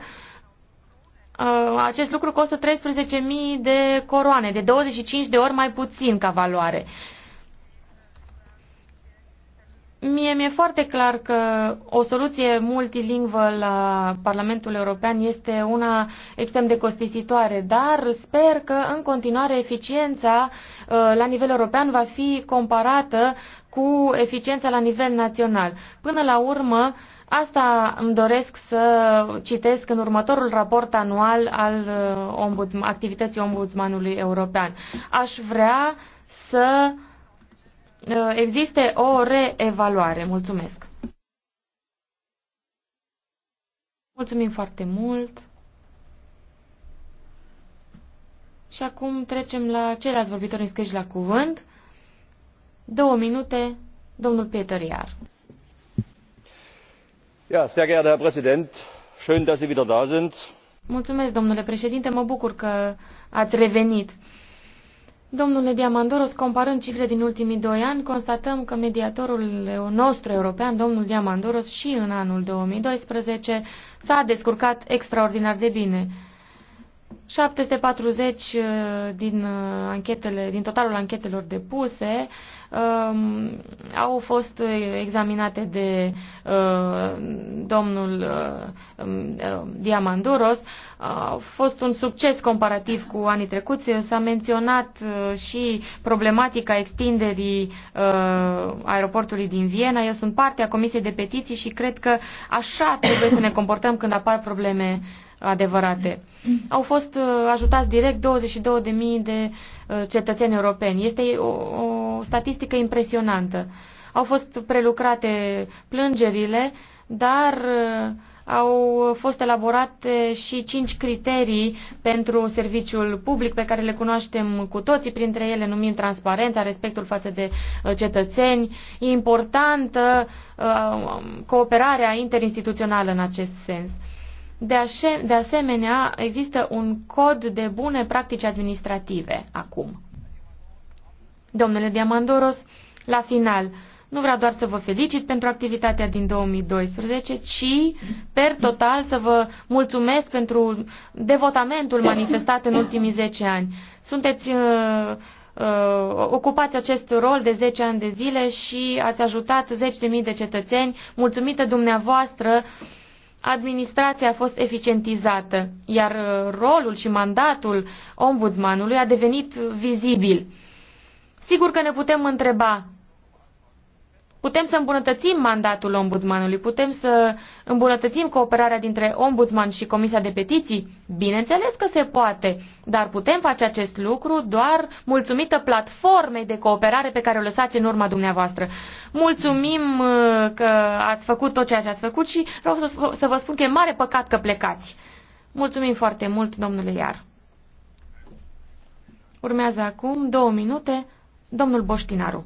uh, acest lucru costă 13.000 de coroane, de 25 de ori mai puțin ca valoare. Mie mi-e foarte clar că o soluție multilingvă la Parlamentul European este una extrem de costisitoare, dar sper că în continuare eficiența uh, la nivel european va fi comparată cu eficiența la nivel național. Până la urmă, asta îmi doresc să citesc în următorul raport anual al uh, ombudsman, activității ombudsmanului european. Aș vrea să uh, existe o reevaluare. Mulțumesc! Mulțumim foarte mult! Și acum trecem la ceilalți vorbitori înscriși la cuvânt. Două minute, domnul Peter Iar. Ja, sehr geehrter Herr Präsident, schön, dass Sie wieder da sind. Mulțumesc, domnule președinte, mă bucur că ați revenit. Domnule Diamandoros, comparând cifrele din ultimii doi ani, constatăm că mediatorul nostru european, domnul Diamandoros, și în anul 2012 s-a descurcat extraordinar de bine. 740 eh, din eh, anchetele, din totalul anchetelor depuse Um, au fost examinate de uh, domnul uh, um, uh, Diamanduros. A fost un succes comparativ cu anii trecuți. S-a menționat uh, și problematica extinderii uh, aeroportului din Viena. Eu sunt parte a Comisiei de Petiții și cred că așa trebuie să ne comportăm când apar probleme uh, adevărate. Au fost uh, ajutați direct 22.000 de uh, cetățeni europeni. Este o, o statistică impresionantă. Au fost prelucrate plângerile, dar uh, au fost elaborate și cinci criterii pentru serviciul public pe care le cunoaștem cu toții, printre ele numim transparența, respectul față de cetățeni, importantă um, cooperarea interinstituțională în acest sens. De, de asemenea, există un cod de bune practici administrative acum. Domnule Diamandoros, la final, nu vreau doar să vă felicit pentru activitatea din 2012, ci, per total, să vă mulțumesc pentru devotamentul manifestat în ultimii 10 ani. Sunteți uh, uh, ocupați acest rol de 10 ani de zile și ați ajutat 10.000 de cetățeni. Mulțumită dumneavoastră, uh, administrația a fost eficientizată, iar uh, rolul și mandatul ombudsmanului a devenit vizibil. Sigur că ne putem întreba Putem să îmbunătățim mandatul ombudsmanului, putem să îmbunătățim cooperarea dintre ombudsman și Comisia de Petiții? Bineînțeles că se poate, dar putem face acest lucru doar mulțumită platformei de cooperare pe care o lăsați în urma dumneavoastră. Mulțumim uh, că ați făcut tot ceea ce ați făcut și vreau să vă spun că e mare păcat că plecați. Mulțumim foarte mult, domnule Iar. Urmează acum două minute, domnul Boștinaru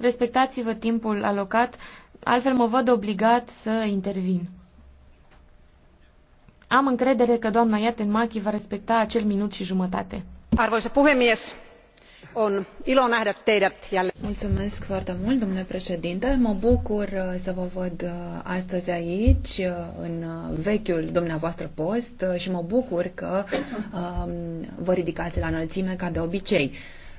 respectați-vă timpul alocat, altfel mă văd obligat să intervin. Am încredere că doamna Machi va respecta acel minut și jumătate. Arvoisa puhemies, on ilo nähdä teidät jälleen. Mulțumesc foarte mult, domnule președinte. Mă bucur uh, să vă văd uh, astăzi aici, uh, în vechiul dumneavoastră post și mă bucur că um, vă ridicați la înălțime ca de obicei.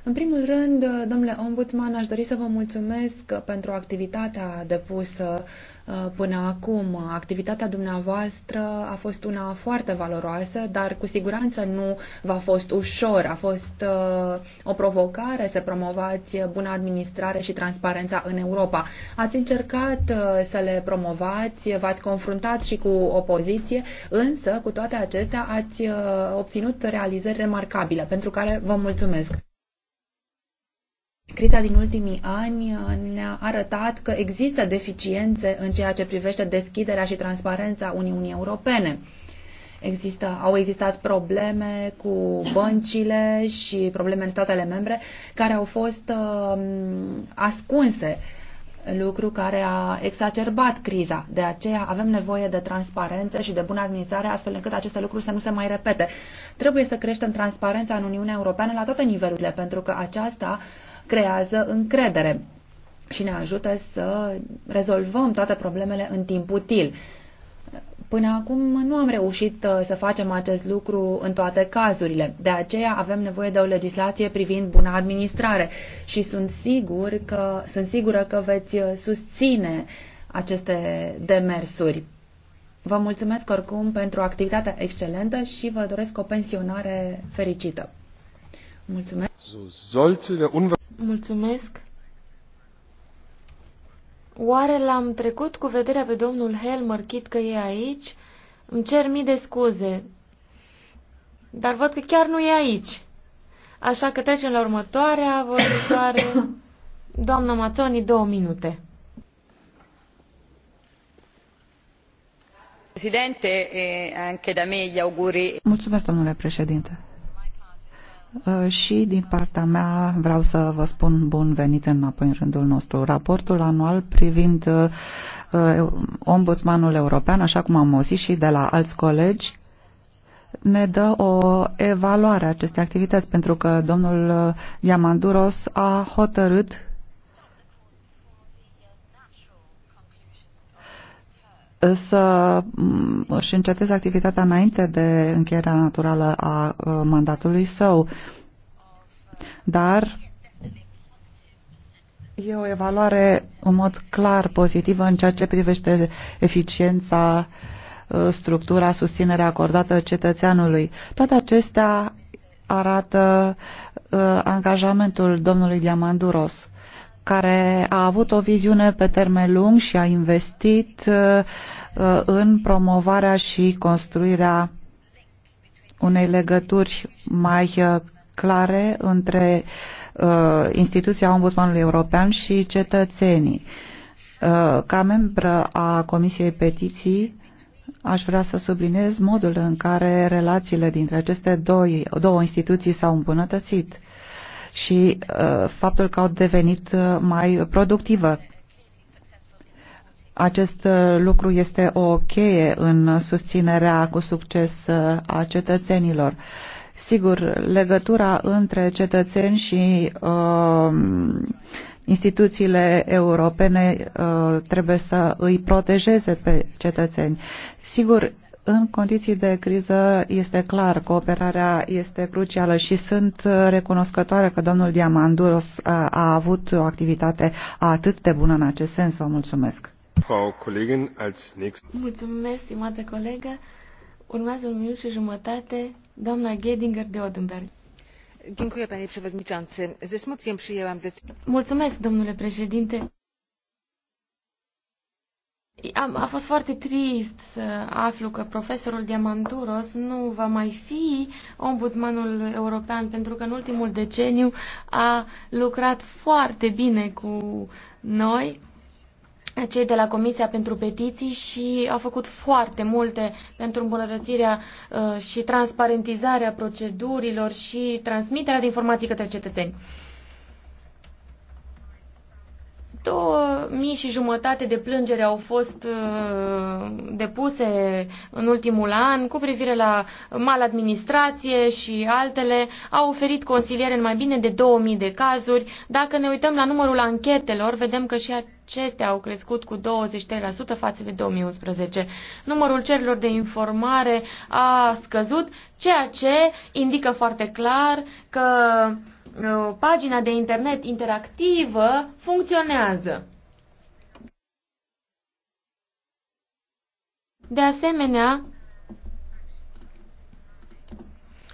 În primul rând, domnule ombudsman, aș dori să vă mulțumesc pentru activitatea depusă uh, până acum. Activitatea dumneavoastră a fost una foarte valoroasă, dar cu siguranță nu v-a fost ușor. A fost uh, o provocare să promovați bună administrare și transparența în Europa. Ați încercat uh, să le promovați, v-ați confruntat și cu opoziție, însă cu toate acestea ați obținut realizări remarcabile, pentru care vă mulțumesc. Criza din ultimii ani uh, ne-a arătat că există deficiențe în ceea ce privește deschiderea și transparența Uniunii Europene. Există, au existat probleme cu băncile și probleme în statele membre care au fost uh, ascunse, lucru care a exacerbat criza. De aceea avem nevoie de transparență și de bună administrare, astfel încât aceste lucruri să nu se mai repete. Trebuie să creștem transparența în Uniunea Europeană la toate nivelurile, pentru că aceasta uh, creează încredere și ne ajută să rezolvăm toate problemele în timp util. Până acum nu am reușit uh, să facem acest lucru în toate cazurile. De aceea avem nevoie de o legislație privind buna administrare și sunt, sigur că, sunt sigură că veți uh, susține aceste demersuri. Vă mulțumesc oricum pentru activitatea excelentă și vă doresc o pensionare fericită. Mulțumesc. Mulțumesc. Oare l-am trecut cu vederea pe domnul Helmer, chit că e aici? Îmi cer mii de scuze, dar văd că chiar nu e aici. Așa că trecem la următoarea vorbitoare. Doamna Mazzoni, două minute. Presidente, anche da me gli auguri. Mulțumesc, domnule președinte. Uh, și din partea mea vreau să vă spun bun venit înapoi în rândul nostru. Raportul anual privind uh, ombudsmanul european, așa cum am auzit și de la alți colegi, ne dă o evaluare a acestei activități, pentru că domnul uh, Diamanduros a hotărât să mm, își înceteze activitatea înainte de încheierea naturală a uh, mandatului său. Dar e o evaluare în mod clar pozitivă în ceea ce privește eficiența, uh, structura, susținerea acordată cetățeanului. Toate acestea arată uh, angajamentul domnului Diamanduros care a avut o viziune pe termen lung și a investit uh, uh, în promovarea și construirea unei legături mai uh, clare între instituția Ombudsmanului European și cetățenii. Ca membră a Comisiei Petiții, aș vrea să subliniez modul în care relațiile dintre aceste două, două instituții s-au îmbunătățit și uh, faptul că au devenit uh, mai productivă. Acest uh, lucru este o cheie în susținerea cu succes a cetățenilor. Sigur, legătura între cetățeni și uh, instituțiile europene uh, trebuie să îi protejeze pe cetățeni. Sigur, în condiții de criză este clar, cooperarea este crucială și sunt recunoscătoare că domnul Diamanduros a, a avut o activitate atât de bună în acest sens. Vă mulțumesc. Frau Kollegin, als next... Mulțumesc, stimată colegă. Urmează un minut și jumătate, doamna Gedinger de Odenberg. Mulțumesc, domnule președinte a fost foarte trist să aflu că profesorul Diamanduros nu va mai fi ombudsmanul european, pentru că în ultimul deceniu a lucrat foarte bine cu noi, cei de la Comisia pentru Petiții și au făcut foarte multe pentru îmbunătățirea uh, și transparentizarea procedurilor și transmiterea de informații către cetățeni. Două mii și jumătate de plângeri au fost uh, depuse în ultimul an cu privire la maladministrație și altele. Au oferit consiliere în mai bine de 2000 de cazuri. Dacă ne uităm la numărul anchetelor, vedem că și acestea au crescut cu 23% față de 2011. Numărul cerilor de informare a scăzut, ceea ce indică foarte clar că pagina de internet interactivă funcționează. De asemenea,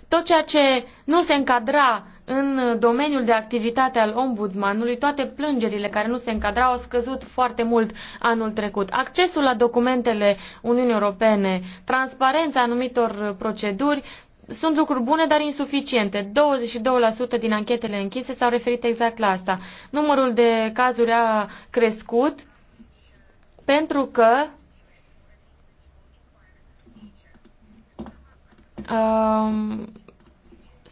tot ceea ce nu se încadra în domeniul de activitate al ombudsmanului, toate plângerile care nu se încadrau au scăzut foarte mult anul trecut. Accesul la documentele Uniunii Europene, transparența anumitor proceduri sunt lucruri bune, dar insuficiente. 22% din anchetele închise s-au referit exact la asta. Numărul de cazuri a crescut pentru că um,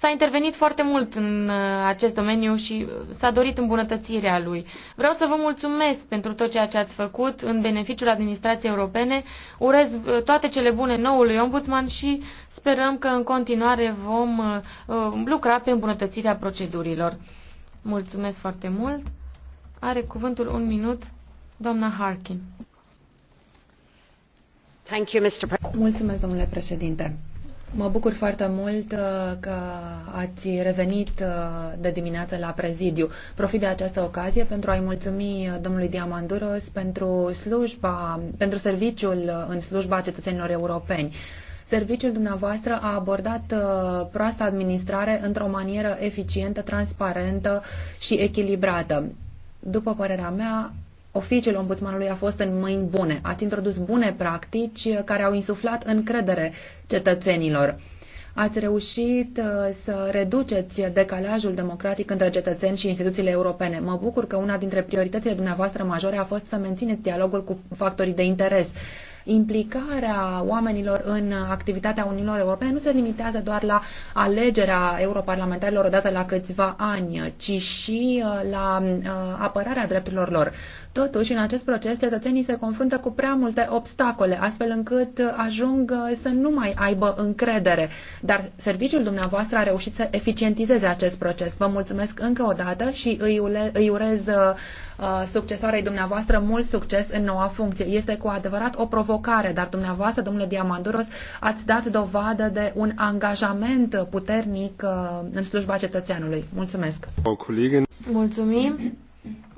S-a intervenit foarte mult în uh, acest domeniu și s-a dorit îmbunătățirea lui. Vreau să vă mulțumesc pentru tot ceea ce ați făcut în beneficiul administrației europene. Urez uh, toate cele bune noului ombudsman și sperăm că în continuare vom uh, lucra pe îmbunătățirea procedurilor. Mulțumesc foarte mult. Are cuvântul un minut doamna Harkin. Mulțumesc, domnule președinte. Mă bucur foarte mult uh, că ați revenit uh, de dimineață la prezidiu. Profit de această ocazie pentru a-i mulțumi uh, domnului Diamanduros pentru, slujba, pentru serviciul în slujba cetățenilor europeni. Serviciul dumneavoastră a abordat proasta administrare într-o manieră eficientă, transparentă și echilibrată. După părerea mea, Oficiul ombudsmanului a fost în mâini bune. Ați introdus bune practici care au insuflat încredere cetățenilor. Ați reușit uh, să reduceți decalajul democratic între cetățeni și instituțiile europene. Mă bucur că una dintre prioritățile dumneavoastră majore a fost să mențineți dialogul cu factorii de interes implicarea oamenilor în activitatea Uniunilor Europene nu se limitează doar la alegerea europarlamentarilor odată la câțiva ani, ci și uh, la uh, apărarea drepturilor lor. Totuși, în acest proces, cetățenii se confruntă cu prea multe obstacole, astfel încât ajung să nu mai aibă încredere. Dar serviciul dumneavoastră a reușit să eficientizeze acest proces. Vă mulțumesc încă o dată și îi, ule, îi urez uh, succesoarei dumneavoastră mult succes în noua funcție. Este cu adevărat o provocare, dar dumneavoastră, domnule Diamanduros, ați dat dovadă de un angajament puternic uh, în slujba cetățeanului. Mulțumesc! Mulțumim!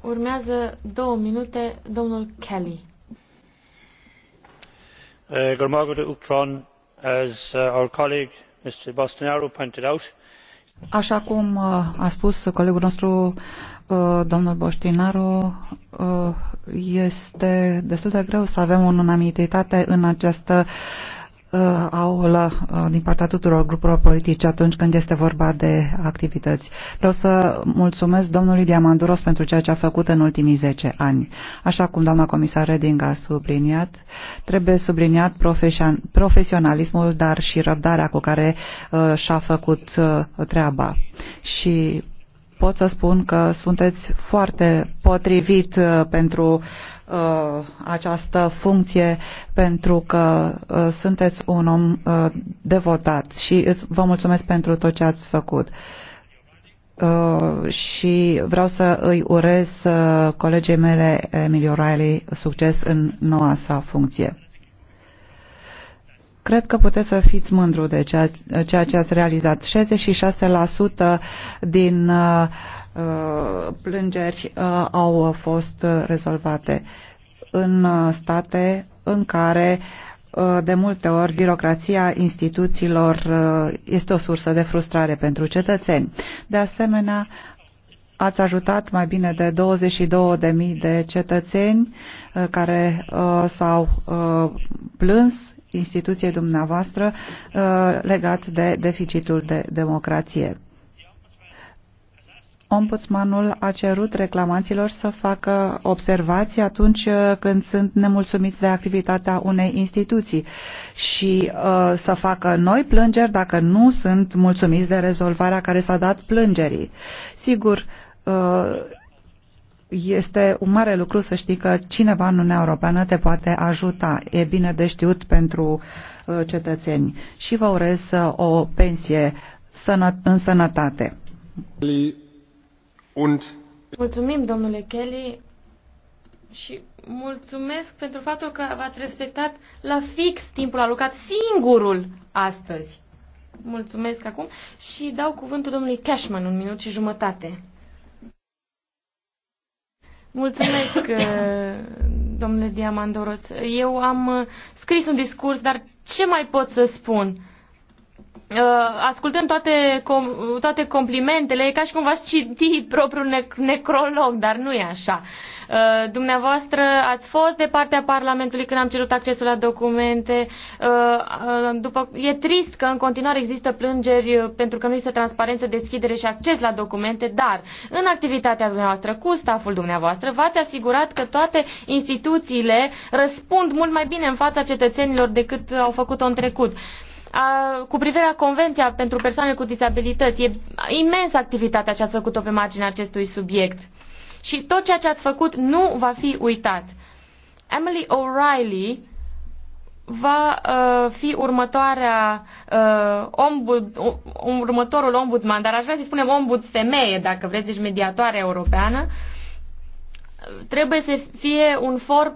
Urmează două minute domnul Kelly. Eh, uh, Așa cum uh, a spus colegul nostru, uh, domnul Boștinaru, este destul de greu să avem o unanimitate în această uh, au la, uh, din partea tuturor grupurilor politice atunci când este vorba de activități. Vreau să mulțumesc domnului Diamanduros pentru ceea ce a făcut în ultimii 10 ani. Așa cum doamna comisar Reding a subliniat, trebuie subliniat profesion profesionalismul, dar și răbdarea cu care uh, și-a făcut uh, treaba. Și pot să spun că sunteți foarte potrivit uh, pentru uh, Uh, această funcție pentru că uh, sunteți un om uh, devotat și vă mulțumesc pentru tot ce ați făcut. Și vreau să îi urez colegii mele Emilio Riley succes în noua sa funcție. Cred că puteți să fiți mândru de ceea, ce ați realizat. 66% din uh, Uh, plângeri uh, au fost rezolvate în state în care uh, de multe ori birocrația instituțiilor este o sursă de frustrare pentru cetățeni. De asemenea, ați ajutat mai bine de 22.000 de cetățeni care s-au plâns instituției dumneavoastră legat de deficitul de democrație. Ombudsmanul a cerut reclamanților să facă observații atunci uh, când sunt nemulțumiți de activitatea unei instituții și uh, să facă noi plângeri dacă nu sunt mulțumiți de rezolvarea care s-a dat plângerii. Sigur, uh, este un mare lucru să știi că cineva în Uniunea Europeană te poate ajuta. E bine de știut pentru uh, cetățeni. Și vă urez uh, o pensie sănă în sănătate. Und Mulțumim, domnule Kelly, și mulțumesc pentru faptul că v-ați respectat la fix timpul alocat singurul astăzi. Mulțumesc acum și dau cuvântul domnului Cashman, un minut și jumătate. Mulțumesc, uh, domnule Diamandoros. Eu am uh, scris un discurs, dar ce mai pot să spun? Uh, ascultăm toate, com, toate complimentele, e ca și cum v-ați citi propriul ne- necrolog, dar nu e așa. Uh, dumneavoastră ați fost de partea Parlamentului când am cerut accesul la documente. Uh, uh, după, e trist că în continuare există plângeri uh, pentru că nu există transparență, deschidere și acces la documente, dar în activitatea dumneavoastră, cu staful dumneavoastră, v-ați asigurat că toate instituțiile răspund mult mai bine în fața cetățenilor decât au făcut-o în trecut. Uh, a, cu privire la Convenția pentru persoane cu dizabilități. E imensă activitatea ce ați făcut-o pe marginea acestui subiect. Și tot ceea ce ați făcut nu va fi uitat. Emily O'Reilly va uh, fi următoarea uh, ombud, um, următorul ombudsman, dar aș vrea să spunem ombud femeie, dacă vreți, deci mediatoare europeană, trebuie să fie un for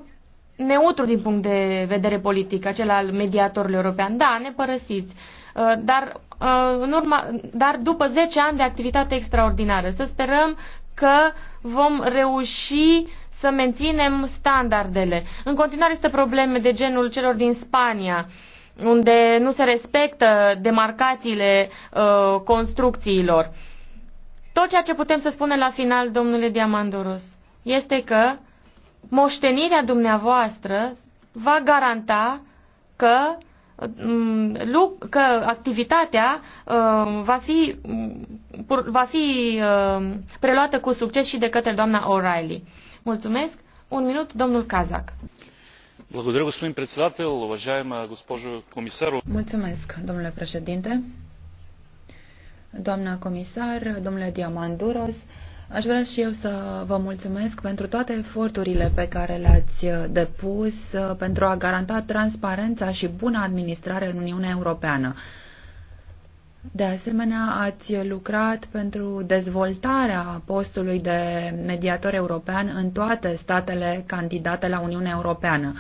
neutru din punct de vedere politic, acel al mediatorului european. Da, ne părăsiți. Uh, dar, uh, în urma, dar după 10 ani de activitate extraordinară, să sperăm că vom reuși să menținem standardele. În continuare este probleme de genul celor din Spania, unde nu se respectă demarcațiile uh, construcțiilor. Tot ceea ce putem să spunem la final, domnule Diamandoros, este că moștenirea dumneavoastră va garanta că mm, că activitatea mm, va fi, mm, va fi preluată cu succes și de către doamna O'Reilly. Mulțumesc. Un minut, domnul Kazak. Mulțumesc, domnule președinte. Doamna comisar, domnule Diamanduros, Aș vrea și eu să vă mulțumesc pentru toate eforturile pe care le-ați depus uh, pentru a garanta transparența și bună administrare în Uniunea Europeană. De asemenea, ați lucrat pentru dezvoltarea postului de mediator european în toate statele candidate la Uniunea Europeană.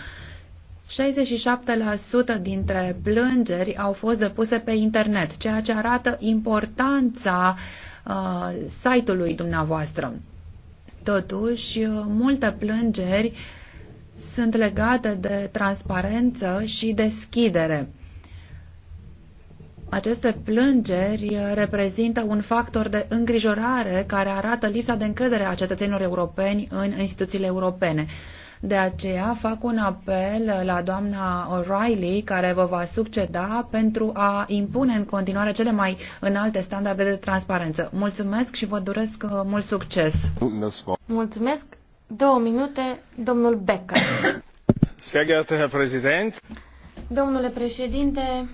67% dintre plângeri au fost depuse pe internet, ceea ce arată importanța uh, uh, site-ului dumneavoastră. Totuși, multe plângeri sunt legate de transparență și deschidere. Aceste plângeri reprezintă un factor de îngrijorare care arată lipsa de încredere a cetățenilor europeni în instituțiile europene. De aceea fac un apel la doamna O'Reilly, care vă va succeda, pentru a impune în continuare cele mai înalte standarde de transparență. Mulțumesc și vă doresc uh, mult succes! Mulțumesc! Două minute, domnul Becker. Domnule președinte,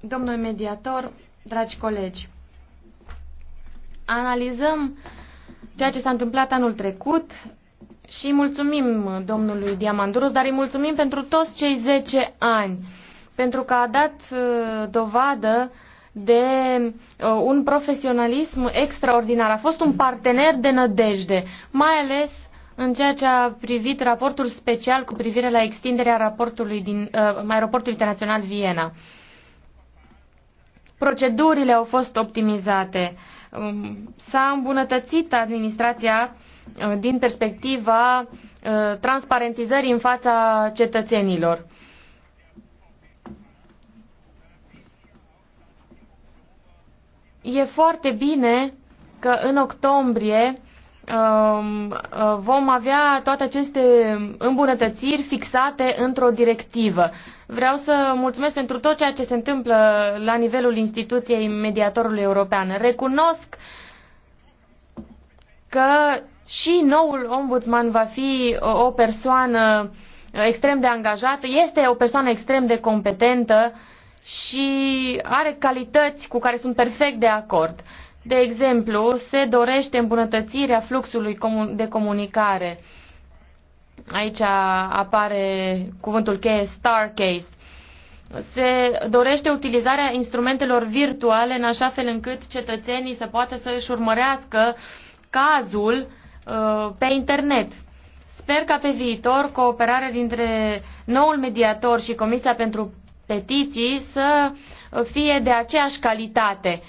domnule mediator, dragi colegi, analizăm ceea ce s-a întâmplat anul trecut, și mulțumim domnului Diamanduros, dar îi mulțumim pentru toți cei 10 ani, pentru că a dat uh, dovadă de uh, un profesionalism extraordinar. A fost un partener de nădejde, mai ales în ceea ce a privit raportul special cu privire la extinderea raportului din uh, aeroportul internațional Viena. Procedurile au fost optimizate. Um, s-a îmbunătățit administrația Uh, din perspectiva uh, transparentizării în fața cetățenilor. E foarte bine că în octombrie um, uh, vom avea toate aceste îmbunătățiri fixate într-o directivă. Vreau să mulțumesc pentru tot ceea ce se întâmplă la nivelul instituției mediatorului european. Recunosc că și noul ombudsman va fi o persoană uh, extrem de angajată, este o persoană extrem de competentă și are calități cu care sunt perfect de acord. De exemplu, se dorește îmbunătățirea fluxului de comunicare. Aici apare cuvântul cheie star case. Se dorește utilizarea instrumentelor virtuale în așa fel încât cetățenii să poată să își urmărească cazul Uh, pe internet. Sper ca pe viitor cooperarea dintre noul mediator și Comisia pentru Petiții să fie de aceeași calitate.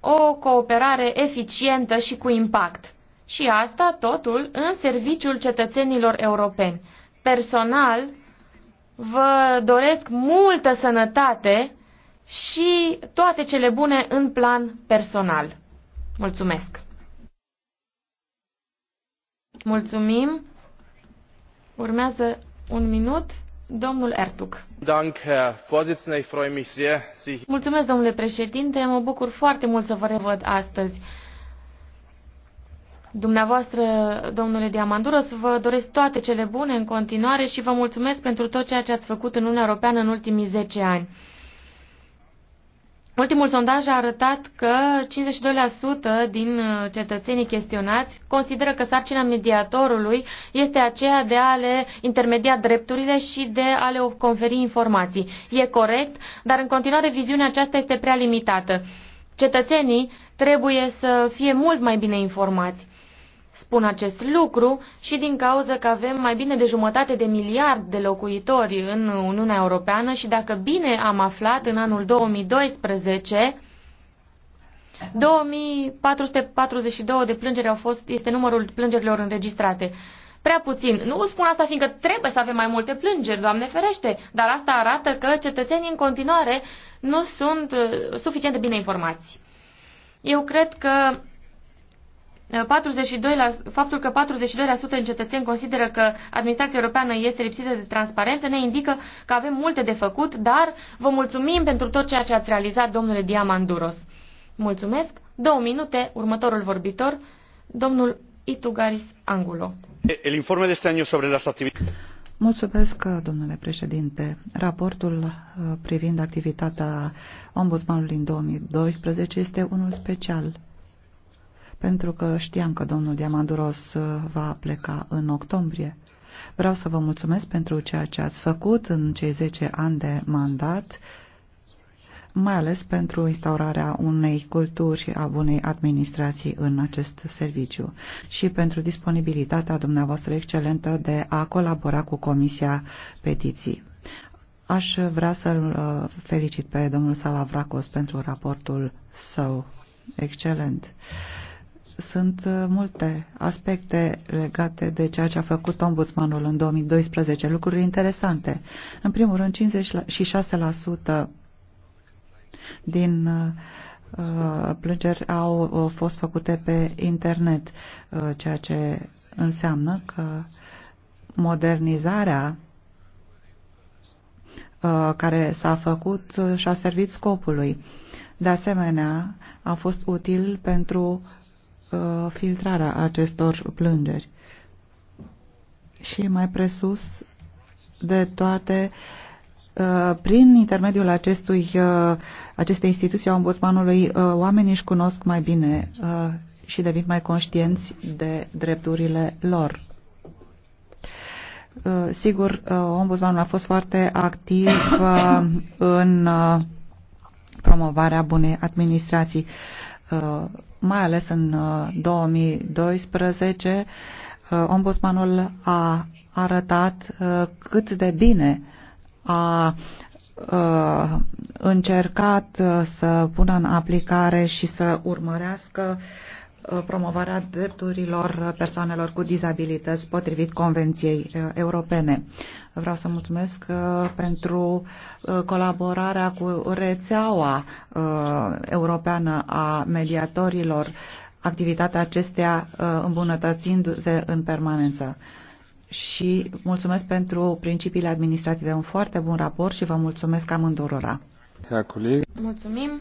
O cooperare eficientă și cu impact. Și asta totul în serviciul cetățenilor europeni. Personal, vă doresc multă sănătate și toate cele bune în plan personal. Mulțumesc! Mulțumim. Urmează un minut. Domnul Ertug. Mulțumesc, domnule președinte. Mă bucur foarte mult să vă revăd astăzi. Dumneavoastră, domnule să vă doresc toate cele bune în continuare și vă mulțumesc pentru tot ceea ce ați făcut în Uniunea Europeană în ultimii 10 ani. Ultimul sondaj a arătat că 52% din uh, cetățenii chestionați consideră că sarcina mediatorului este aceea de a le intermedia drepturile și de a le conferi informații. E corect, dar în continuare viziunea aceasta este prea limitată. Cetățenii trebuie să fie mult mai bine informați spun acest lucru și din cauza că avem mai bine de jumătate de miliard de locuitori în Uniunea Europeană și dacă bine am aflat în anul 2012, 2442 de plângeri au fost, este numărul plângerilor înregistrate. Prea puțin. Nu spun asta fiindcă trebuie să avem mai multe plângeri, Doamne ferește, dar asta arată că cetățenii în continuare nu sunt uh, suficient de bine informați. Eu cred că 42 la, faptul că 42% din cetățeni consideră că administrația europeană este lipsită de transparență ne indică că avem multe de făcut, dar vă mulțumim pentru tot ceea ce ați realizat, domnule Diamanduros. Mulțumesc. Două minute, următorul vorbitor, domnul Itugaris Angulo. El informe de este año sobre las actividades... Mulțumesc, domnule președinte. Raportul uh, privind activitatea ombudsmanului în 2012 este unul special pentru că știam că domnul Diamanduros uh, va pleca în octombrie. Vreau să vă mulțumesc pentru ceea ce ați făcut în cei 10 ani de mandat, mai ales pentru instaurarea unei culturi și a bunei administrații în acest serviciu și pentru disponibilitatea dumneavoastră excelentă de a colabora cu Comisia Petiții. Aș vrea să-l uh, felicit pe domnul Salavracos pentru raportul său excelent sunt uh, multe aspecte legate de ceea ce a făcut ombudsmanul în 2012, lucruri interesante. În primul rând, 56% din uh, uh, plângeri au fost făcute pe internet, ceea ce înseamnă că modernizarea care s-a făcut și-a servit scopului. De asemenea, a fost util pentru Uh, filtrarea acestor plângeri. Și mai presus de toate, uh, prin intermediul acestui, uh, acestei instituții a ombudsmanului, oamenii își cunosc mai bine și devin mai conștienți de drepturile lor. Sigur, ombudsmanul a fost foarte activ în promovarea bunei administrații mai ales în 2012, uh, uh, ombudsmanul a arătat uh, cât de bine a încercat să pună în aplicare și să urmărească Uh, promovarea drepturilor persoanelor cu dizabilități potrivit Convenției uh, Europene. Vreau să mulțumesc uh, pentru colaborarea cu rețeaua europeană a mediatorilor, activitatea acestea îmbunătățindu-se în permanență și mulțumesc pentru principiile administrative. Un foarte bun raport și vă mulțumesc amândurora. Mulțumim.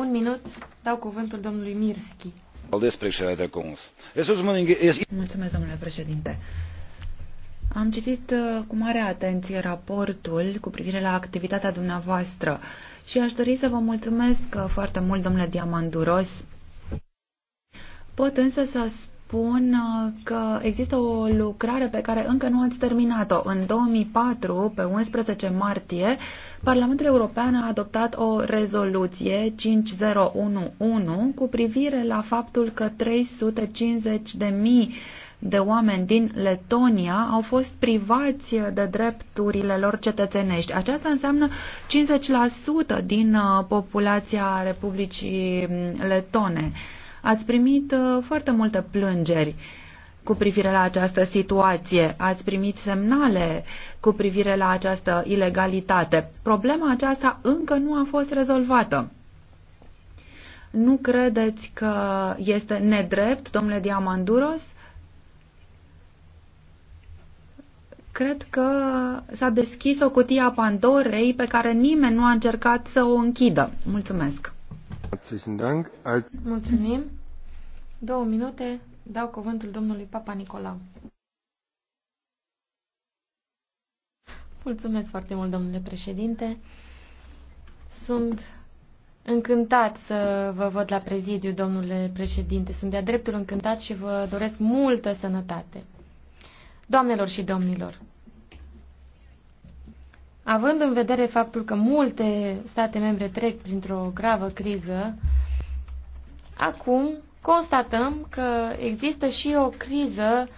Un minut, dau cuvântul domnului Mirski. Mulțumesc, domnule președinte. Am citit uh, cu mare atenție raportul cu privire la activitatea dumneavoastră și aș dori să vă mulțumesc uh, foarte mult, domnule Diamanduros. Pot însă să spun uh, că există o lucrare pe care încă nu ați terminat-o. În 2004, pe 11 martie, Parlamentul European a adoptat o rezoluție 5011 cu privire la faptul că 350 de mii de oameni din Letonia au fost privați de drepturile lor cetățenești. Aceasta înseamnă 50% din uh, populația Republicii mm, Letone. Ați primit uh, foarte multe plângeri cu privire la această situație? Ați primit semnale cu privire la această ilegalitate? Problema aceasta încă nu a fost rezolvată. Nu credeți că este nedrept, domnule Diamanduros? Cred că s-a deschis o cutie a Pandorei pe care nimeni nu a încercat să o închidă. Mulțumesc! Mulțumim. Două minute. Dau cuvântul domnului Papa Nicolau. Mulțumesc foarte mult, domnule președinte. Sunt încântat să vă văd la prezidiu, domnule președinte. Sunt de-a dreptul încântat și vă doresc multă sănătate. Doamnelor și domnilor, Având în vedere faptul că multe state membre trec printr-o gravă criză, acum constatăm că există și o criză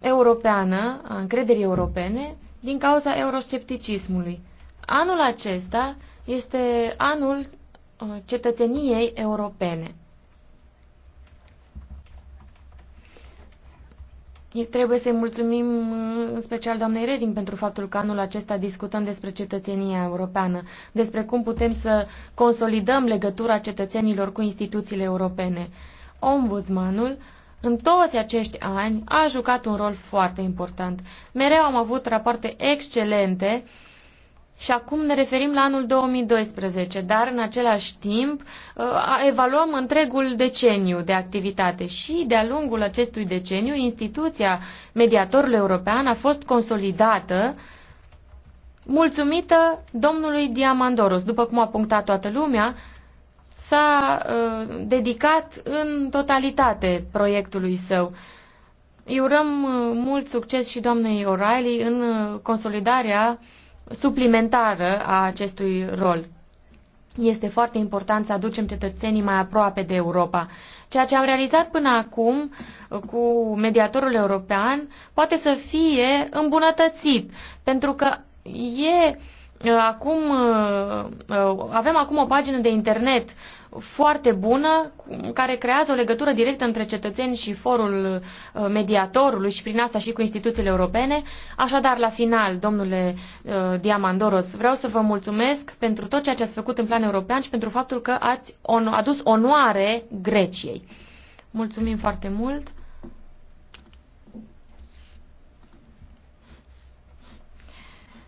europeană, a încrederii europene, din cauza euroscepticismului. Anul acesta este anul uh, cetățeniei europene. Trebuie să-i mulțumim în special doamnei Reding pentru faptul că anul acesta discutăm despre cetățenia europeană, despre cum putem să consolidăm legătura cetățenilor cu instituțiile europene. Ombudsmanul în toți acești ani a jucat un rol foarte important. Mereu am avut rapoarte excelente uh, și acum ne referim la anul 2012, dar în același timp uh, evaluăm întregul deceniu de activitate și de-a lungul acestui deceniu instituția mediatorului european a fost consolidată mulțumită domnului Diamandoros. După cum a punctat toată lumea, s-a uh, dedicat în totalitate proiectului său. Îi urăm uh, mult succes și doamnei O'Reilly în uh, consolidarea uh, suplimentară a acestui rol. Este foarte important să aducem cetățenii mai aproape de Europa. Ceea ce am realizat până acum uh, cu mediatorul european poate să fie îmbunătățit, pentru că e uh, acum uh, avem acum o pagină de internet foarte bună, care creează o legătură directă între cetățeni și forul uh, mediatorului și prin asta și cu instituțiile europene. Așadar, la final, domnule uh, Diamandoros, vreau să vă mulțumesc pentru tot ceea ce ați făcut în plan european și pentru faptul că ați adus onoare Greciei. Mulțumim foarte mult!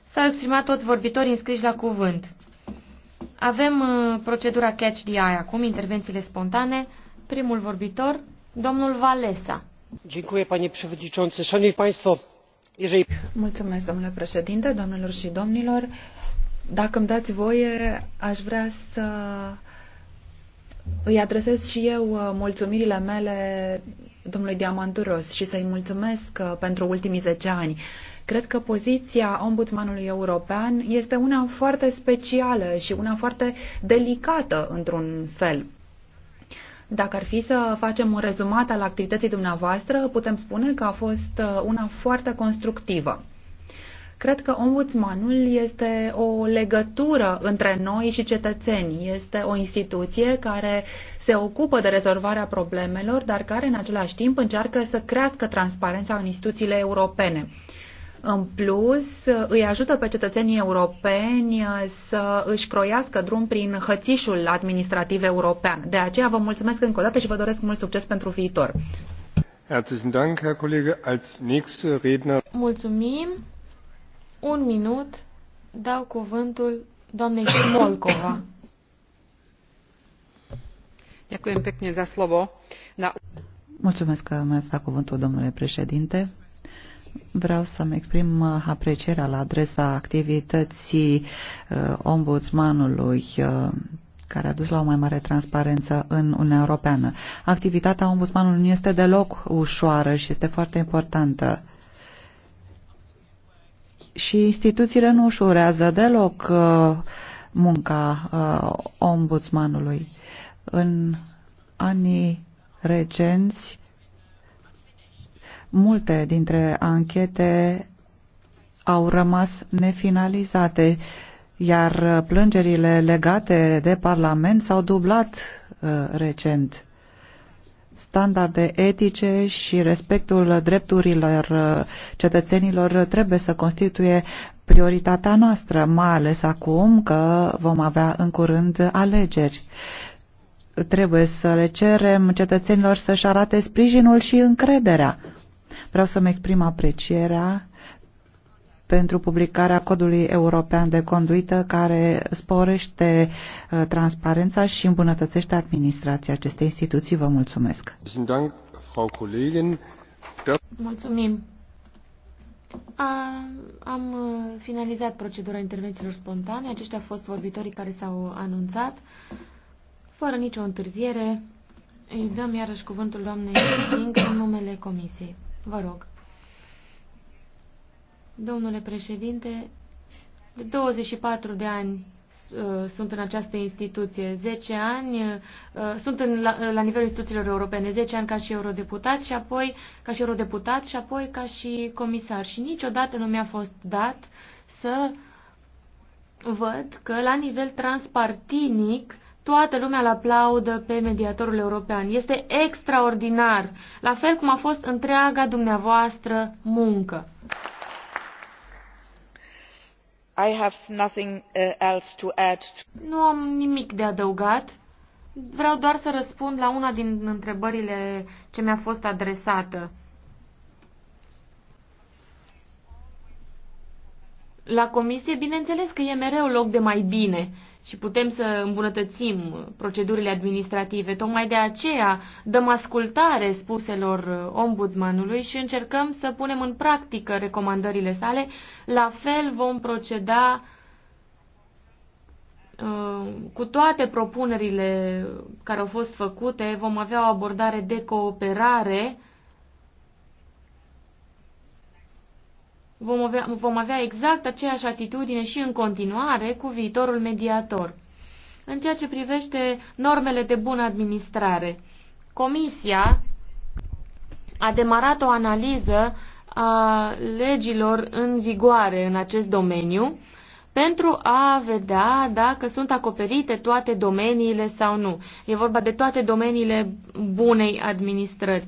S-au exprimat toți vorbitorii înscriși la cuvânt. Avem uh, procedura catch the eye acum, intervențiile spontane. Primul vorbitor, domnul Valesa. Dziękuję, panie przewodniczący. Szanowni państwo, jeżeli... Mulțumesc, domnule președinte, domnilor și domnilor. Dacă îmi dați voie, aș vrea să uh, îi adresez și eu uh, mulțumirile mele domnului Diamanturos și să-i mulțumesc uh, pentru ultimii 10 ani. Cred că poziția ombudsmanului european este una foarte specială și una foarte delicată într-un fel. Dacă ar fi să facem un rezumat al activității dumneavoastră, putem spune că a fost uh, una foarte constructivă. Cred că ombudsmanul este o legătură între noi și cetățeni. Este o instituție care se ocupă de rezolvarea problemelor, dar care în același timp încearcă să crească transparența în instituțiile europene. În plus, îi ajută pe cetățenii europeni să își croiască drum prin hățișul administrativ european. De aceea vă mulțumesc încă o dată și vă doresc mult succes pentru viitor. Mulțumim un minut dau cuvântul doamnei Molcova. Mulțumesc că mi-ați dat cuvântul, domnule președinte. Vreau să-mi exprim aprecierea la adresa activității uh, ombudsmanului uh, care a dus la o mai mare transparență în Uniunea Europeană. Activitatea ombudsmanului nu este deloc ușoară și este foarte importantă și instituțiile nu ușurează deloc uh, munca uh, ombudsmanului. În anii recenți, multe dintre anchete au rămas nefinalizate, iar plângerile legate de Parlament s-au dublat uh, recent standarde etice și respectul drepturilor uh, cetățenilor trebuie să constituie prioritatea noastră, mai ales acum că vom avea în curând alegeri trebuie să le cerem cetățenilor să-și arate sprijinul și încrederea. Vreau să-mi exprim aprecierea pentru publicarea codului european de conduită care sporește uh, transparența și îmbunătățește administrația acestei instituții. Vă mulțumesc! Mulțumim! A, am uh, finalizat procedura intervențiilor spontane. Aceștia au fost vorbitorii care s-au anunțat. Fără nicio întârziere, îi dăm iarăși cuvântul doamnei King în numele Comisiei. Vă rog. Domnule președinte, de 24 de ani uh, sunt în această instituție 10 ani, uh, sunt în, la, la nivelul instituțiilor europene 10 ani ca și eurodeputat și apoi ca și eurodeputat și apoi ca și comisar și niciodată nu mi-a fost dat să văd că la nivel transpartinic toată lumea îl aplaudă pe mediatorul european. Este extraordinar, la fel cum a fost întreaga dumneavoastră muncă. I have nothing uh, else to add. Nu am nimic de adăugat. Vreau doar să răspund la una din întrebările ce mi-a fost adresată. La comisie, bineînțeles că e mereu loc de mai bine și putem să îmbunătățim procedurile administrative. Tocmai de aceea dăm ascultare spuselor ombudsmanului și încercăm să punem în practică recomandările sale. La fel vom proceda uh, cu toate propunerile care au fost făcute, vom avea o abordare de cooperare vom avea, vom avea exact aceeași atitudine și în continuare cu viitorul mediator. În ceea ce privește normele de bună administrare, Comisia a demarat o analiză a legilor în vigoare în acest domeniu pentru a vedea dacă sunt acoperite toate domeniile sau nu. E vorba de toate domeniile bunei administrări.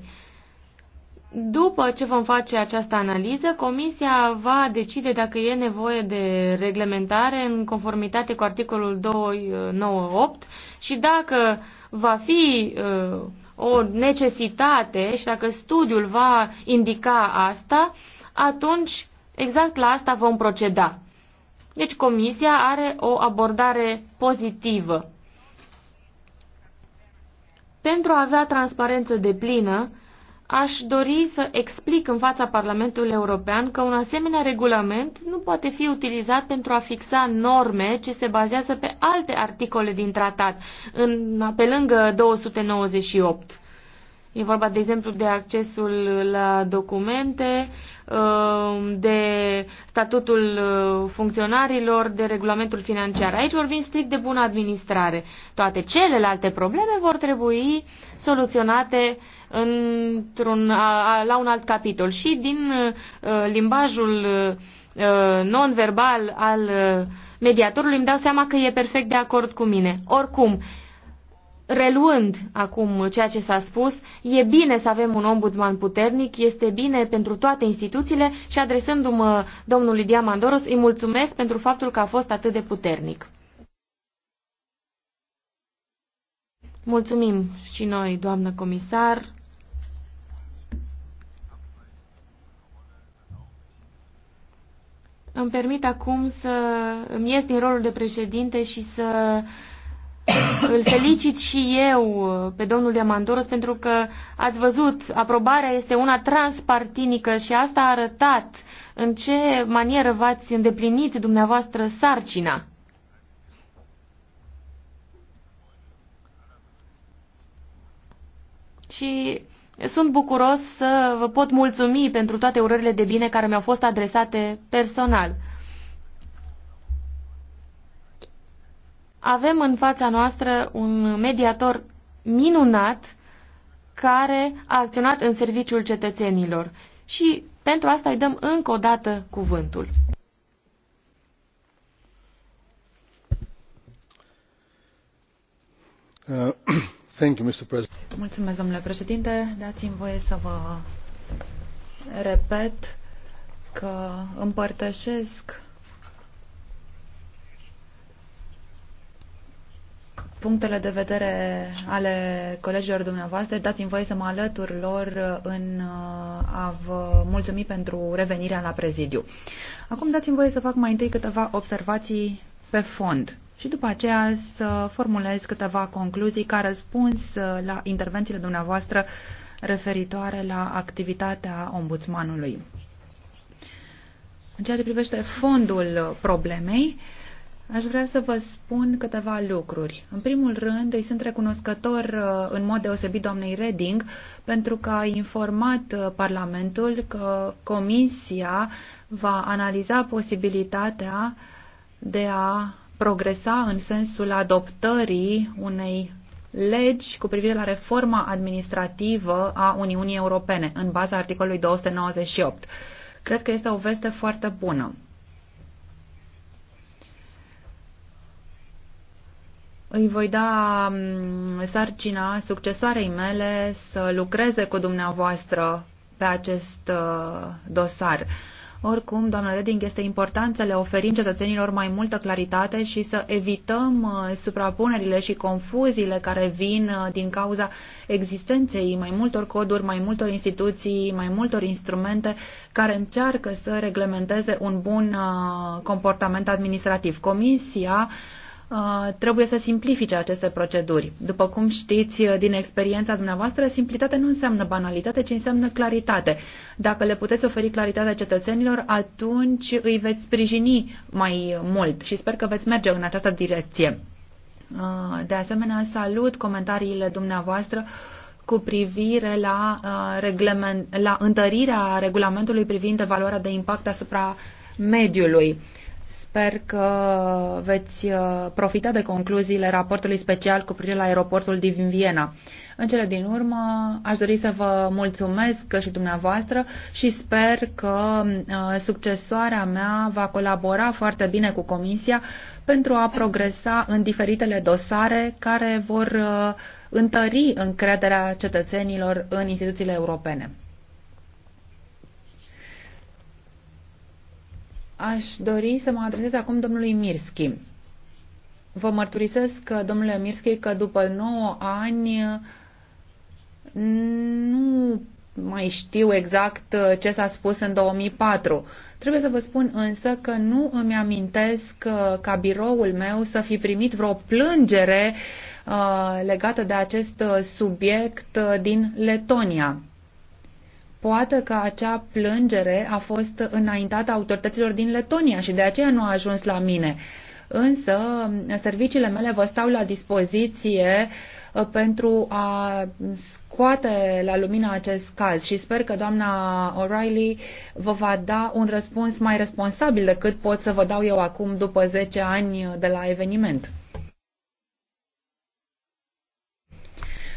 După ce vom face această analiză, Comisia va decide dacă e nevoie de reglementare în conformitate cu articolul 298 și dacă va fi uh, o necesitate și dacă studiul va indica asta, atunci exact la asta vom proceda. Deci Comisia are o abordare pozitivă. Pentru a avea transparență de plină, aș dori să explic în fața Parlamentului European că un asemenea regulament nu poate fi utilizat pentru a fixa norme ce se bazează pe alte articole din tratat, în, pe lângă 298. E vorba, de exemplu, de accesul la documente, um, de statutul uh, funcționarilor, de regulamentul financiar. Aici vorbim strict de bună administrare. Toate celelalte probleme vor trebui soluționate într-un, la un alt capitol. Și din uh, limbajul uh, non-verbal al uh, mediatorului îmi dau seama că e perfect de acord cu mine. Oricum, reluând acum ceea ce s-a spus, e bine să avem un ombudsman puternic, este bine pentru toate instituțiile și adresându-mă domnului Diamandoros, îi mulțumesc pentru faptul că a fost atât de puternic. Mulțumim și noi, doamnă comisar. Îmi permit acum să îmi ies din rolul de președinte și să îl felicit și eu pe domnul Diamandoros pentru că ați văzut, aprobarea este una transpartinică și asta a arătat în ce manieră v-ați îndeplinit dumneavoastră sarcina. Și sunt bucuros să vă pot mulțumi pentru toate urările de bine care mi-au fost adresate personal. Avem în fața noastră un mediator minunat care a acționat în serviciul cetățenilor și pentru asta îi dăm încă o dată cuvântul. Uh Thank you, Mr. President. Mulțumesc, domnule președinte. Dați-mi voie să vă repet că împărtășesc punctele de vedere ale colegilor dumneavoastră. Dați-mi voie să mă alătur lor în uh, a vă mulțumi pentru revenirea la prezidiu. Acum dați-mi voie să fac mai întâi câteva observații pe fond și după aceea să formulez câteva concluzii ca răspuns uh, la intervențiile dumneavoastră referitoare la activitatea ombudsmanului. În ceea ce privește fondul problemei, aș vrea să vă spun câteva lucruri. În primul rând, îi sunt recunoscător uh, în mod deosebit doamnei Reding pentru că a informat uh, Parlamentul că Comisia va analiza posibilitatea de a progresa în sensul adoptării unei legi cu privire la reforma administrativă a Uniunii Europene, în baza articolului 298. Cred că este o veste foarte bună. Îi voi da mm, sarcina succesoarei mele să lucreze cu dumneavoastră pe acest uh, dosar. Oricum, doamnă Reding, este important să le oferim cetățenilor mai multă claritate și să evităm uh, suprapunerile și confuziile care vin uh, din cauza existenței mai multor coduri, mai multor instituții, mai multor instrumente care încearcă să reglementeze un bun uh, comportament administrativ. Comisia Uh, trebuie să simplifice aceste proceduri. După cum știți uh, din experiența dumneavoastră, simplitate nu înseamnă banalitate, ci înseamnă claritate. Dacă le puteți oferi claritatea cetățenilor, atunci îi veți sprijini mai mult și sper că veți merge în această direcție. Uh, de asemenea, salut comentariile dumneavoastră cu privire la, la întărirea regulamentului privind valoarea de impact asupra mediului Sper că veți uh, profita de concluziile raportului special cu privire la aeroportul din Viena. În cele din urmă, aș dori să vă mulțumesc și dumneavoastră și sper că uh, succesoarea mea va colabora foarte bine cu Comisia pentru a progresa în diferitele dosare care vor uh, întări încrederea cetățenilor în instituțiile europene. Aș dori să mă adresez acum domnului Mirski. Vă mărturisesc, domnule Mirski, că după 9 ani nu mai știu exact uh, ce s-a spus în 2004. Trebuie să vă spun însă că nu îmi amintesc uh, ca biroul meu să fi primit vreo plângere uh, legată de acest subiect din Letonia. Poate că acea plângere a fost înaintată autorităților din Letonia și de aceea nu a ajuns la mine. Însă, serviciile mele vă stau la dispoziție uh, pentru a scoate la lumină acest caz și sper că doamna O'Reilly vă va da un răspuns mai responsabil decât pot să vă dau eu acum după 10 ani de la eveniment.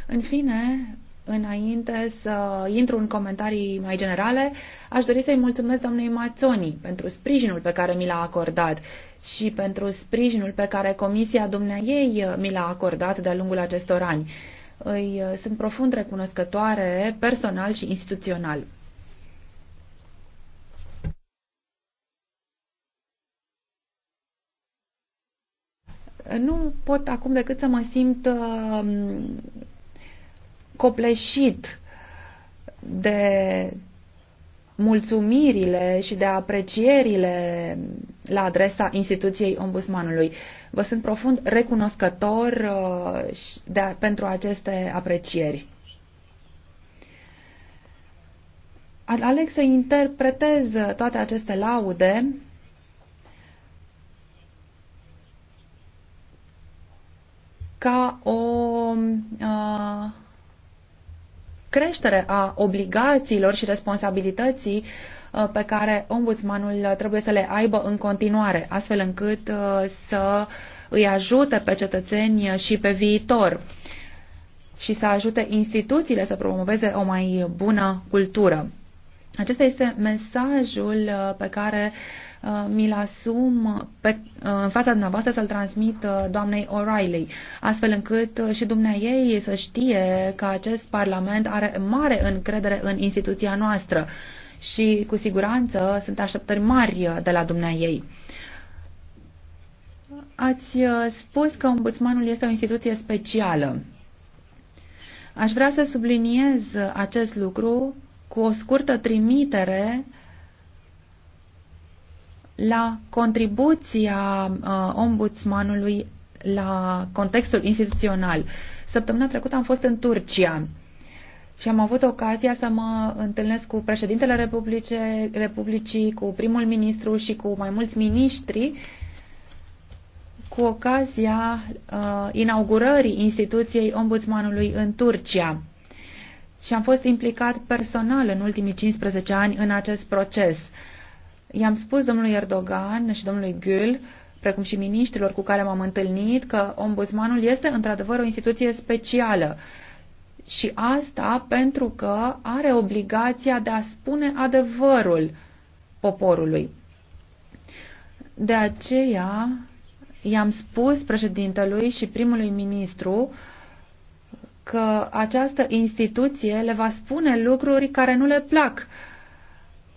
În fine, Înainte să intru în comentarii mai generale, aș dori să-i mulțumesc doamnei Mațoni pentru sprijinul pe care mi l-a acordat și pentru sprijinul pe care Comisia Dumneaei mi l-a acordat de-a lungul acestor ani. Îi uh, sunt profund recunoscătoare personal și instituțional. nu pot acum decât să mă simt uh, copleșit de mulțumirile și de aprecierile la adresa instituției ombudsmanului. Vă sunt profund recunoscător uh, de, pentru aceste aprecieri. Aleg să interpretez toate aceste laude ca o uh, creștere a obligațiilor și responsabilității uh, pe care ombudsmanul trebuie să le aibă în continuare, astfel încât uh, să îi ajute pe cetățeni și pe viitor și să ajute instituțiile să promoveze o mai bună cultură. Acesta este mesajul uh, pe care Uh, mi-l asum pe, uh, în fața dumneavoastră să-l transmit uh, doamnei O'Reilly, astfel încât și dumnea ei să știe că acest Parlament are mare încredere în instituția noastră și cu siguranță sunt așteptări mari de la dumnea ei. Ați spus că ombudsmanul este o instituție specială. Aș vrea să subliniez acest lucru cu o scurtă trimitere uh, la contribuția uh, ombudsmanului la contextul instituțional. Săptămâna trecută am fost în Turcia și am avut ocazia să mă întâlnesc cu președintele Republice, Republicii, cu primul ministru și cu mai mulți miniștri cu ocazia uh, inaugurării instituției ombudsmanului în Turcia. Și am fost implicat personal în ultimii 15 ani în acest proces. Uh, I-am spus domnului Erdogan și domnului Gül, precum și miniștrilor cu care m-am întâlnit, că ombudsmanul este într-adevăr o instituție specială. Și asta pentru că are obligația de a spune adevărul poporului. De aceea i-am spus președintelui și primului ministru că această instituție le va spune lucruri care nu le plac